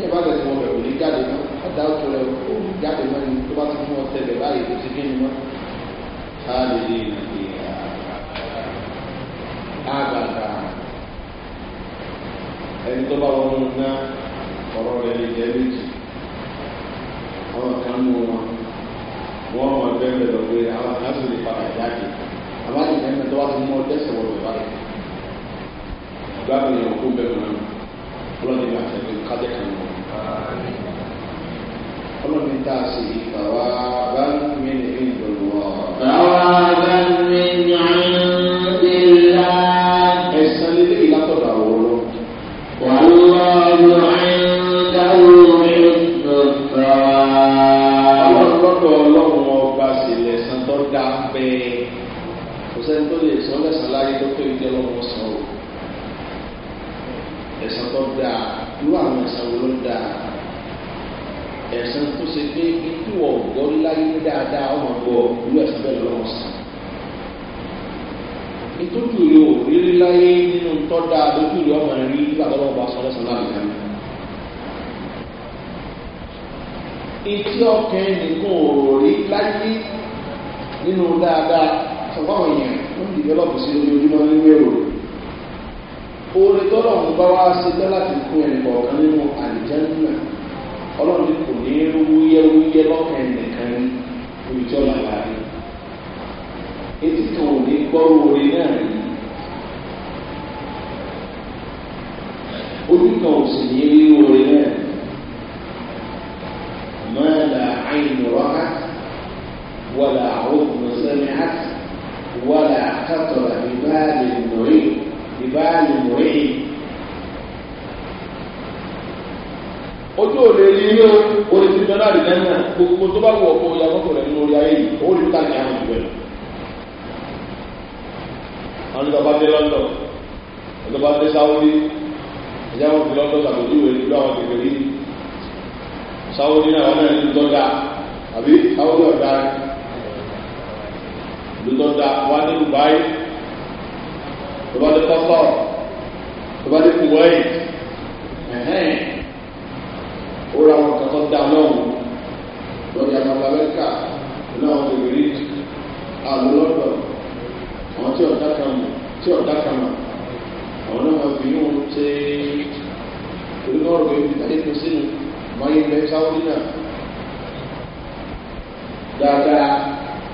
ní ìbá tẹ̀sí wọn bẹ̀rù ní jáde mọ́ ọ̀dà òtò rẹ̀ ó ní jáde mọ́ ni tó bá ti fún ọtẹ bẹ̀ báyìí tó ti kéde mọ́. sáàlì ní ìlànà àgbàdà ẹni tó bá wọn mú ná ọ̀rọ̀ rẹ̀ lè jẹ́ méjì àwọn kan mú wọn wọ́n mọ̀ bẹ́ẹ̀ lọ pé àwọn kan sì lè padà jáde àwọn àti ìfẹ́ tó bá ti mú ọtẹ sọ̀rọ̀ rẹ̀ báyìí. ìgbà mi ò kó bẹ́ẹ̀ mọ́ ọlọ́dún ìgbà tẹ̀lé kájẹ́ kan mọ́ ọlọ́ni tá a sì tàwa bá mi ní ìdòwò. tàwa bá mi ní ìlà. ẹ̀sán lílé ìlàtọ̀dọ̀ àwòrán. wà á lọ lọ ẹ̀ńdáwó ìdòwò. ọlọ́run lọ́dọ̀ ọlọ́run ọba tó tó lè sọ sọ̀rọ̀ ẹ̀sán tó dáa irú àwọn ẹ̀sán wo ló dáa ẹ̀sán tó ṣe pé ikú ọ̀gọ́ láyé dáadáa ọmọ gbọ́ irú ẹ̀sán bẹ́ẹ̀ lọ́wọ́ sàn. ìtọ́jú rẹ ò rírí láyé nínú tọ́ dáa lójú rẹ ọmọ rí nígbà tó lọ́wọ́ bá sọ lọ́sàn láàrin kan. etí ọkàn nìkan ò rí láyé nínú dáadáa sọ fáwọn èèyàn ó ń dìbẹ́lọ́pù sí ojoojúmọ́ nínú èrò. oore tọ́lọ̀ ń bá wá sí tán láti fún ẹnì kọ̀ọ̀kan nínú àlìjẹ́nìmọ̀ ọlọ́run ní kò ní wúyẹ́wúyẹ́ lọ́kàn ẹnìkan olùjọ́ làbá rẹ̀ etí kan ò ní gbọ́rú oore náà rí ojú kan ò sì ní rí oore náà máa àyìn rọ́ká àwọn sẹ́mi àti àkàtọ̀ ìbáàlì mọ̀ẹ́yìn. ojú ò lè rí ní orí ti dọ́là rí lẹ́nà gbogbo tó bá wọ̀ ọ̀pọ̀ ìyàwó rẹ̀ nínú orí ayé yìí ó rí ká ní àwọn ìwé lọ. àwọn ìjọba bá dé london ìjọba dé sáwọ́dí ìyá wọn fi london sàbòjúwe ìlú àwọn kékeré yìí sáwọ́dí náà wọn náà ní dọ́là àbí sáwọ́dí ọ̀dà lùtọ́ta wà ní dubai tó bá dé kọ́tọ̀ tó bá dé kuwait ẹ̀hẹ́n ó ra àwọn kankan dá lọ́wọ́ lórí àwọn amẹ́ríkà láwọn ìrírí àwọn lọ́dọ̀ àwọn tí ọ̀dá kan mọ̀ tí ọ̀dá kan mọ̀ àwọn náà máa bínú ṣe onígbọ̀rọ̀ ìlú ìdájọ́ sínú wáyé ilẹ̀ sáwọ́dí náà dáadáa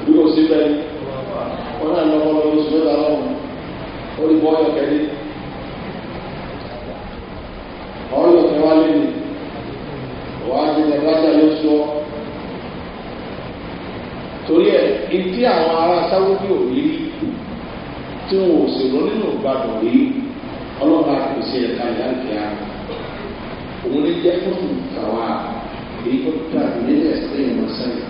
ìdúró síbẹ̀ wọn náà lọ orúkọ ọ̀yọ̀kẹ́ ní ọ̀yọ̀kẹ́ wá lé wà á ti dàgbàsá ló sọ torí ẹ etí àwọn ará sáwọ́dí ò tí wọn ò sì rún nínú ìgbàdùn rí ọlọ́pàá pèsè ẹ̀ka ìyáǹkìá òun ní jẹ́ fóònù tàwa èyí tó dàbí nílẹ̀ ẹ̀sìn ìmọ̀sẹ́yìn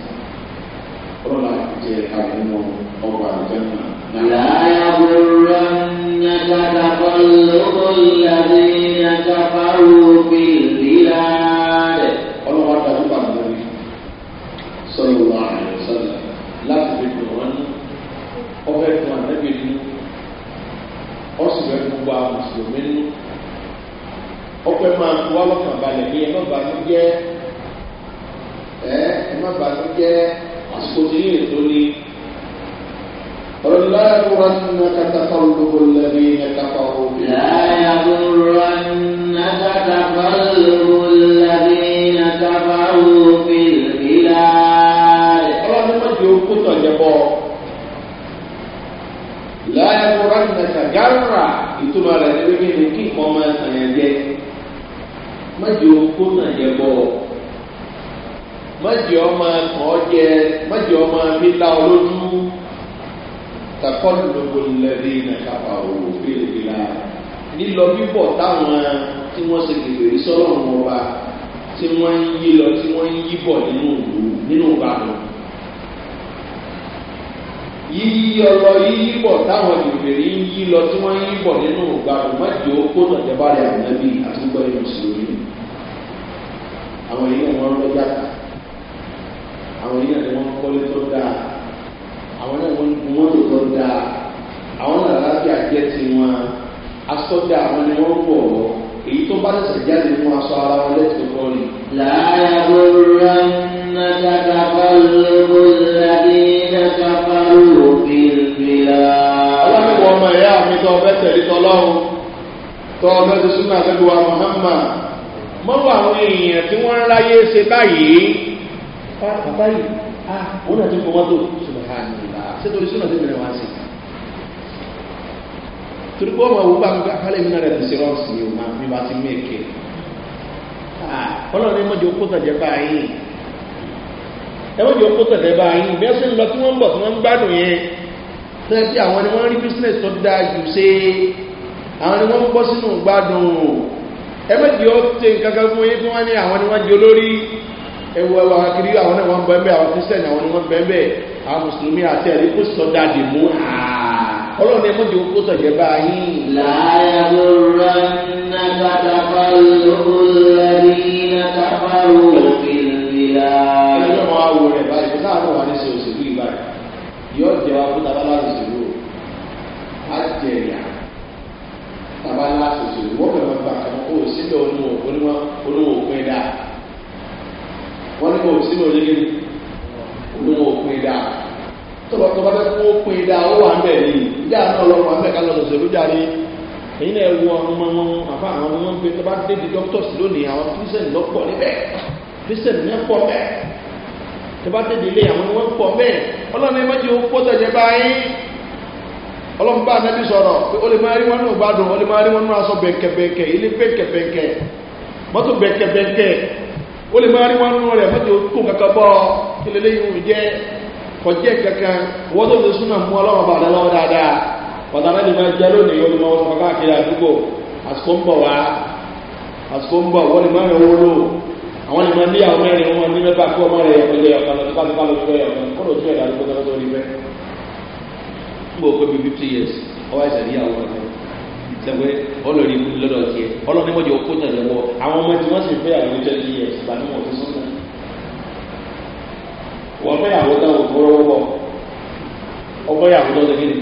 ọlọ́pàá pèsè ẹ̀ka ìmọ̀ ọgbà ìjọba. فلا يغرنك تقلب الذين كفروا في البلاد ọlọ́run wá dájú bá lórí sọ́yìn wà sọ́yìn láti fi dùn wọ́n ní ọbẹ̀ fún ànábì ní ọ̀sùnfẹ́ gbogbo àwọn mùsùlùmí ní ọpẹ́ máa ń wá lọ́kàn balẹ̀ ní ẹ má bàánú jẹ́ ẹ jẹ́ àsìkò tí yìí tó ní. قل لا يغرنك تقلب الذين كفروا لا يغرنك تقلب الذين كفروا في البلاد الله ما يوقف جبو لا يغرنك جرا ìtumọ̀ rẹ̀ ní wípé ní kí nǹkan máa sàn yẹn jẹ́ mọ́jì okó náà jẹ bọ́ mọ́jì ọmọ kàn ọ́ jẹ mọ́jì ọmọ mi lá ọ lójú takọ́lùlọ́gbọ̀ lẹ́rí nàkàfà òwò fèrèfèrè nílọ bíbọ̀ táwọn tí wọ́n ṣe kékeré sọ́rọ̀ wọn ọba tí wọ́n ń yí lọ tí wọ́n ń yí bọ̀ nínú ìlú nínú ìbàdàn. yíyí ọlọ yíyí bọ̀ táwọn kékeré ń yí lọ tí wọ́n ń yí bọ̀ nínú ìbàdàn mọ́jọ́ kó nàjọba rẹ̀ ànábì àtúgbọ́ ẹ̀rọ sórí. àwọn èèyàn wọn lọ́jà àwọn èèyàn ni kọ́lé tó dáa mọ́tò tó dáa àwọn làlàáfíà jẹ́ tiwọn asọ́jà àwọn ni wọ́n ń bọ̀ wọ́ èyí tó bá tẹ̀sẹ̀ jáde fún aṣọ ara wọn lẹ́tọ̀ọ́ kọ́ ni. làárẹ̀ àbúrò nàdàdà bá lóko ládé nàdà bá lóko ìlera. ọlọ́run wọ ọmọ ẹ̀yà mi tọ́ ọbẹ̀ tẹ̀lé tọ́lọ́run tọ́ ọbẹ̀ tó súnmọ́ àtẹ́gbẹ́wà muhammad mọ́wọ́ àwọn èèyàn tí wọ́n ń ráyé ṣe báyìí. báyìí ah òun náà ti fọwọ́ tó ṣùgbọ́n ṣé torí súnà tó mìíràn wá sí torí pé ọmọ òwú bá mi kálẹ̀ mi náà o máa mi bá ti mú èké ọlọ́run ní mọ́jọ kó tàjẹ́ bá yín ẹ mọ́jọ kó tàjẹ́ bá yín bí ẹ ṣe ń lọ tí wọ́n ń bọ̀ tí wọ́n ń gbádùn yẹn tẹ́lẹ̀ bí àwọn ni wọ́n rí business tó dáa jù ṣe àwọn ni wọ́n ń bọ́ sínú gbádùn ẹ mọ́jọ ṣe nǹkan kan fún yín tí wọ́n ní àwọn ni wọ́n jẹ olórí ẹwọ ẹwà kiri àwọn náà wọ́n bẹ́ẹ̀ bẹ́ẹ̀ àwọn christian àwọn ni wọ́n bẹ́ẹ̀ àwọn mùsùlùmí àti ẹ̀rí kó sọ dáàdì mú ọlọ́run ní ẹ̀mọ́jì ó kó sọ̀jẹ̀ bá yín. láyà ló rà ní kàtàkà ìlú lẹ́rí ní kàtàkà òfin ìlà. ẹjọ́ máa wá rẹ̀ báyìí kó sáà náà wà ní ṣe òṣèlú yóò jẹ́ wa fún tabalá òṣèlú á jẹ ìyá tabalá òṣèlú wọ́n bẹ̀rẹ̀ wọn gbà kó o síbẹ̀ olówó òpin dáa wọ́n ní kó o síbẹ̀ olówó òpin dáa tọba tọba bẹ kó pin ìdá ó wà nbẹ ní ìdá náà lọ́wọ́ àmì ẹ̀ka lọ́dọ̀ ṣèlú jáde èyí náà wọ àwọn ọmọ wọn àfa àwọn ọmọ wọn pé tọba dédé dọ́kítọ̀sì lónìí àwọn kírísẹ̀nì lọ́pọ̀ níbẹ̀ kírísẹ̀nì náà pọ̀ bẹ́ẹ̀ tọba dédé ilé àwọn wọn pọ̀ bẹ́ẹ̀ ọlọ́run ẹ̀ mọ́jì ó kó tẹ̀jẹ̀ báyìí ọlọ́run bá anábì sọ̀rọ̀ pé ó lè máa rí wọn náà gbádùn ó lè máa rí wọn náà sọ kọjá kankan wọ́n tó ti súnmọ̀ mú ọlọ́run bàdá lọ́wọ́ dáadáa pàtàkì ní ni jẹ́ lónìí olùmọ̀ wọn kọ́ káàkiri àdúgbò àsìkò ń bọ̀ wá àsìkò ń bọ̀ wọ́n lè máa wọ́n lò àwọn lè máa níyàwó mẹ́rin wọn ní mẹ́fà kí ọmọ rẹ̀ ọ̀pẹ̀lẹ̀ ọ̀kan lọ́dún pàtó pàtó fẹ́ ọ̀kan kó lóòótọ́ ẹ̀dá ló kọ́ tó rí bẹ́ẹ̀. nígbà òkú bíi fifty years ọwọ́ ẹ̀sẹ̀ níyàwó rẹ̀ sẹ́gbẹ́ ọlọ́ọ̀ni lọ́dọ̀ tiẹ̀ ọlọ́ọ̀ni mọ̀jọ́ kó tẹ̀lé wọ àwọn ọmọ tí wọ́n sì fẹ́ àwọn ìjọ wọ́n fẹ́yàwó tán ò fún rọ́wọ́ bọ̀ ọgbọ́n yàwó tán lè kéde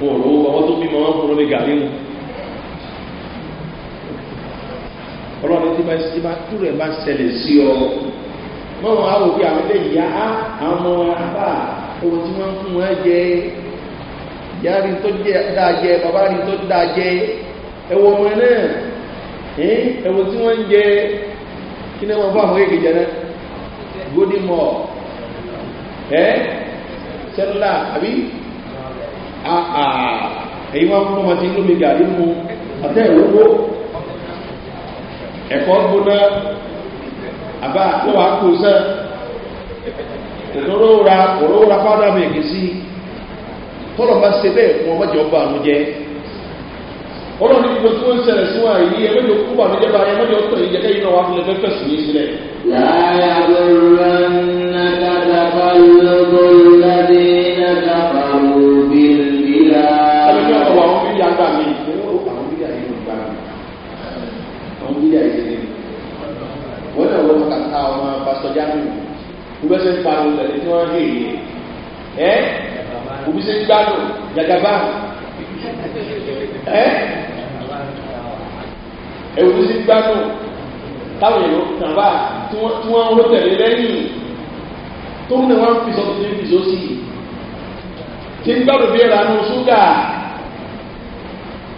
wọn ò rówó ọmọ tó bímọ wọn fún lórí gàrí mu ọlọ́run tí máa ti máa tú rẹ̀ máa ṣẹlẹ̀ sí ọ mọ́wọ́n á wò bí àwọn ilé ìyá á àwọn apá owó tí wọ́n ń fún wọn jẹ ìyá rí tó dáa jẹ bàbá rí tó dáa jẹ ẹwọ ọmọ náà ẹwọ tí wọ́n ń jẹ kí ni wọ́n fún àwọn èkejì náà gódìmọ̀ ẹ́ sẹ́lá àbí àà èyí wọ́n fún ọmọ tí ló mi gàrí mú ọ̀tẹ́ ìrókó ẹ̀kọ́ gbóná àbá tó wà kó sẹ́ òtòróra òróra fádà mẹ́gì sí tọ́lọ̀ bá se gbogbo tí ní gbà mí pé ó àwọn bídíà yìí ló gbà mí àwọn bídíà yìí lè mí wọ́n náà wọ́n kàkà ọmọ pásítọ̀jà mi gbogbo ẹsẹ̀ ń pariwo tẹ̀lé tí wọ́n ń hèrè ẹ́ òbí ṣe ń gbádùn jagaba ẹ́ ẹ̀wù tó ṣe ń gbádùn táwọn èèyàn kàn bá tí wọ́n ń ró tẹ̀lé tó ń náà wọ́n fi sọ́kùnrin fi sọ́sì tí ń gbádùn bí ẹ̀rọ anú ṣúgà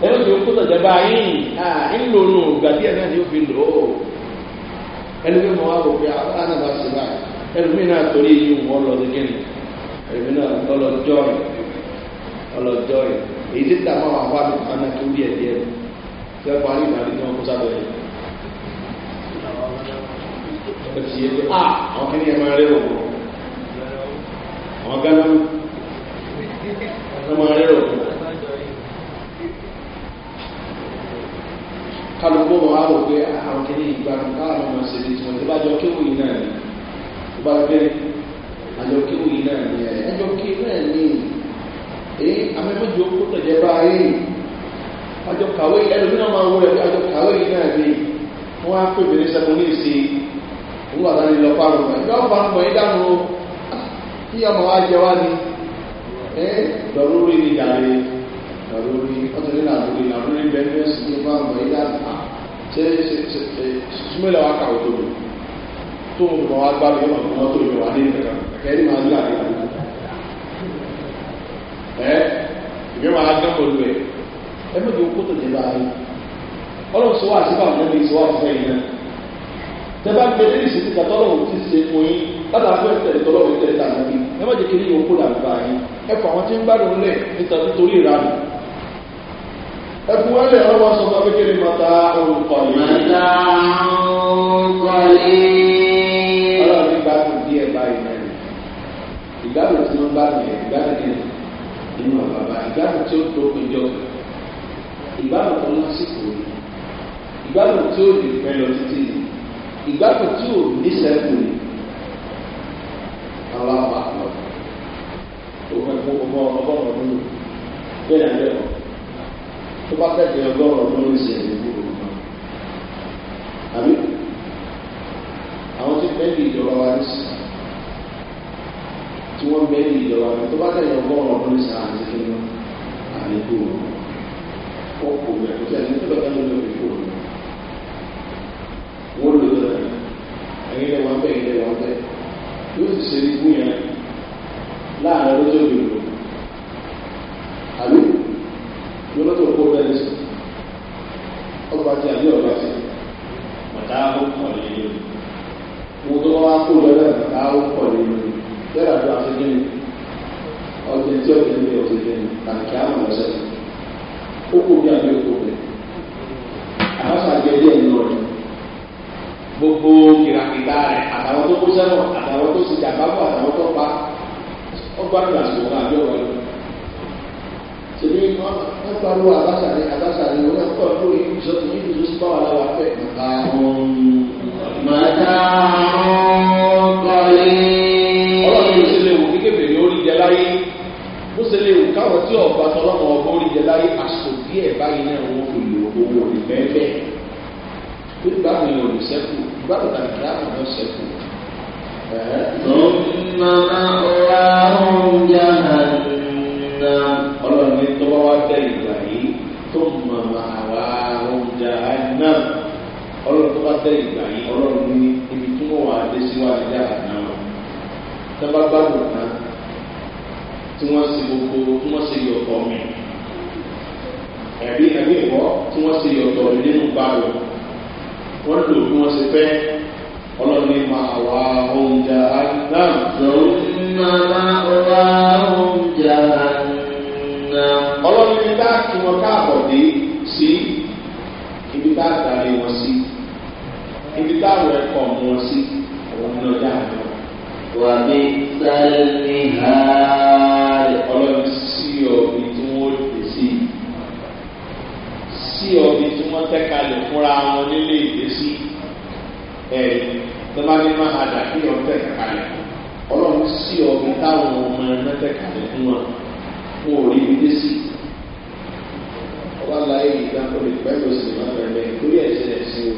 ẹnu tí o kó sọ̀jọba yín à ń lò nù ìgbà díẹ̀ náà ni ó fi lò ó ẹnu bí mo wá wò pé àwọn ah, àná bá ṣe báyìí ẹnu mi náà torí yìí wọ́n lọ sí kíni ẹnu mi náà ọlọ́jọ́ yìí ọlọ́jọ́ yìí èyí tí tà máa wà wá mi kàn náà tó bí parí ìbàdí tí wọ́n kó sábẹ̀ yìí. ẹ ti yé pé a ah, àwọn kí ni ẹ máa rí rò wọ́n àwọn gánà wọ́n máa rí rò wọ́n. kálukú wọn á rò pé ah, àwọn kìíní ìgbàlù káwọn ọmọ ṣe ní tiwọn ìbá jọ kéwù yìí náà ni ìbá jọ bẹ́ẹ̀ àjọ kéwù yìí náà ni ẹjọ eh, kéwù náà ni èyí eh, amẹ́mẹ́jọ kó tẹ̀jẹ̀ bá rí àjọ kàwé ẹlòmíràn máa ń wọ ẹ̀ àjọ kàwé yìí náà ni wọ́n á pè mí ní sẹ́kùn ní ìsì òun àtàrí lọ pàrọ̀ rẹ̀ yọ bá ń bọ̀ dànù kí ọmọ wa jẹ wá ni ẹ lọ́rùú rí bẹ́ẹ̀ ní ẹ̀sìn ní bá ń bọ̀ ilé àná ṣe súnmọ́lẹ̀ wa kàwé tó lò tó ń bọ̀ wá gbá mi wà fún mọ́tò ìwà ní ìgbà kẹ́kẹ́ ní máa ń lé àdéhùn ẹ ìgbé máa dán pẹ̀lú ẹ ẹ mẹ́jọ kó tó lè bá a yìí ọlọ́run sọ wá síbà fún mi sọ wá fún ẹ̀yìn náà tẹ́bá gbé ní ìsìnkú tọ́lọ́wọ́ ti ṣe fún yín látà fún ẹ̀tẹ̀lẹ̀ tọ́lọ́wọ́ tẹ̀lẹ̀ tàbí ẹ má jẹ́ kí ní òkú làgbà ẹ fọ àwọn tí ń gbádùn lẹ̀ nítorí ìranù ẹkùn wọn lè ọwọ́ sọ fún akékeré mọ́ta olùkọ́lé. mọ́ta olùkọ́lé. ọlọ́run ní gbádùn díẹ̀ báyìí náà ìgbádùn tí wọ́n gbádùn yẹn ìgbádùn yẹn nínú àbàbà ìgbádùn tí ó tó péjọ ìgbádùn tó ń lásìkò yìí ìgbádùn tí ó lè pẹ́ lọ títí yìí ìgbádùn tí ò ní sẹ́kù yìí àwọn àwọn àpọ̀ òfin fún ọgbọ́n ọgbọ́n ọdún bẹ́ẹ̀ ni àbẹ̀wò tó bá fẹ́ di ọgọ́rùn ọdún ló ń ṣe èdè ní ìlú kan àbí àwọn tí bẹ́ẹ̀ di ìjọba wa ní sí tí wọ́n bẹ́ẹ̀ di ìjọba wa tó bá tẹ̀lé ọgọ́rùn ọdún ní sàn àti kí wọ́n àlékò wọn kò bẹ̀ kó tẹ̀lé tó bẹ́ẹ̀ ló lórí kò wọ́n lò lọ́dọ̀ ẹ̀yin lẹ́wọ̀n bẹ́ẹ̀ lẹ́wọ̀n bẹ́ẹ̀ gbogbo kìràkìtà rẹ̀ àtàwọn tó kó sẹ́wọ̀n àtàwọn tó sèjà bábọ̀ àtàwọn tó pa ọgbà tó àsìkò náà àjọ wọn. sèmi wọn gba ló àbáṣàlẹ àbáṣàlẹ wọn náà kọ́ ọdún yìí sọ ti yí ìdúró sípà wà láwà pẹ́. màtá ọkọlẹ. ọlọ́run ṣe lè wò kí kébèrè ó rí jẹ láyé ó ṣe lè wò káwọn tí ọ̀gbà tọ́lọ́mọ ọgbọ́n ó jẹ láyé àṣòdì tó ní báwọn èèyàn lè sẹ́kù báwọn tàbí dáhùn náà sẹ́kù. Tọ́mọ̀má ọ̀la oúnjẹ àná ọlọ́run ní tọ́wọ́ wá bẹ́ ìgbà yìí tọ́mọ̀má ọ̀la oúnjẹ àná ọlọ́run tó bá bẹ́ ìgbà yìí ọlọ́run ní ibi tí wọ́n wà á dé síwájú yàrá náà. Tọ́ba gbàgbọ́ kan tí wọ́n ṣe gbogbo tí wọ́n ṣe yọ̀tọ̀ mi. Ẹ̀bí ẹ̀bí ìwọ́ tí wọ́n ṣe yọ̀tọ̀ nínú báyọ̀ wọ́n lò bí wọ́n ṣe fẹ́ ọlọ́ni máa wá oúnjẹ náà. lọ́wọ́ máa wá oúnjẹ náà. ọlọ́ni bá kí wọn káàbọ̀ dé sí ibi tá a darí wọn sí ibi tá àwọn ẹ̀kọ́ mú wọn sí àwọn ọmọdé àná. wà á ní ha. wọ́n tẹ́kalẹ̀ fúnra wọn nílé ìgbésí ẹ̀rí tọ́mání máa hàdà kí wọ́n tẹ́kalẹ̀ ọlọ́run sí ọ̀gbìn táwọn ọmọ ẹ̀rọ tẹ́kalẹ̀ fún wọn fún òrí ìgbésí. ọba láyé ìdáko lè pẹ́ lọ sí ìmọ̀ ẹ̀rẹ́ torí ẹ̀sẹ̀ ẹ̀sìn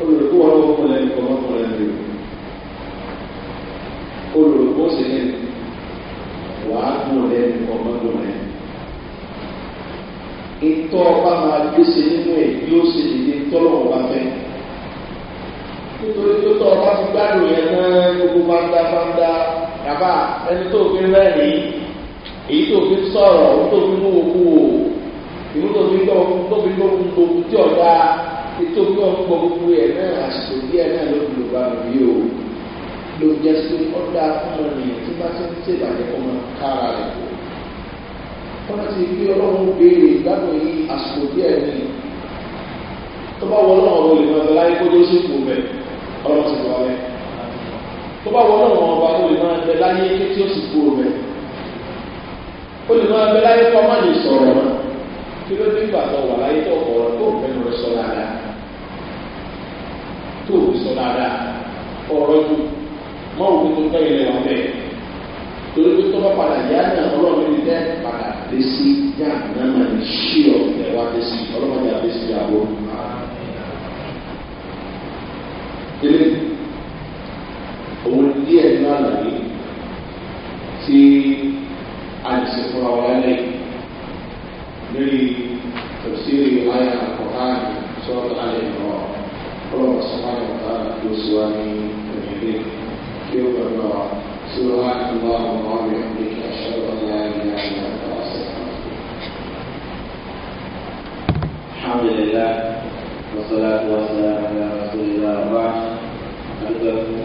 o olùdókòwò ọlọ́wọ́ lẹ́nu kọ́mọ́kọ́ lẹ́nu o olùdókòwò sì ní wàá gùn lẹ́nu kọ́mọ́kọ́ lẹ́nu ìtọ́ ọba máa gbèsè ní àbá ẹni tó fi rẹ́rìn èyí tó fi sọ̀rọ̀ òun tó fi mú owó o ìlú tó fi gbọ́ tó fi gbọ́ gbogbo tí ọ̀dà ètò fi wọ́n gbọ́ gbogbo ẹ̀ náà àsìkò díẹ̀ náà ló fi lò bá mi yìí o ló jẹ́ sí ọ̀dà fún ọmọ nìyẹn tí bá ti ń ṣèbàjẹ́ ọmọ kára rẹ̀ kó wọ́n ti gbé ọlọ́run béèrè ìgbàgbọ́ yìí àsìkò díẹ̀ ní tó bá wọ ọlọ́run olè mọ́tò láyé kó tó bá wọ náà wọn ọba ó lè máa bẹ láyé kí tí ó sì kú rẹ ó lè máa bẹ láyé kó má lè sọ̀rọ̀ mọ́ kí ló dé ìgbà tó wà láyé tó kọ̀ ọ́ tó fẹ́ lọ sọ dáadáa tó sọ dáadáa ọ̀rọ̀ ju mọ́ òkú tó fẹ́ ilẹ̀ wà bẹ́ẹ̀ torí pé tó bá padà yá náà ọlọ́run ní tẹ́ padà lé sí yá náà máa lè ṣí ọ̀ ẹ̀ wá lé sí ọlọ́run ní abẹ́sí àbọ̀. Al-Qawlani dari tafsir ayat Al-Quran surat Al-Imran Allah Subhanahu wa taala Yusuani penyidik dia berdoa surah Allah Muhammad di asyhadu an la ilaha illallah Alhamdulillah wassalatu wassalamu ala rasulillah wa ala alihi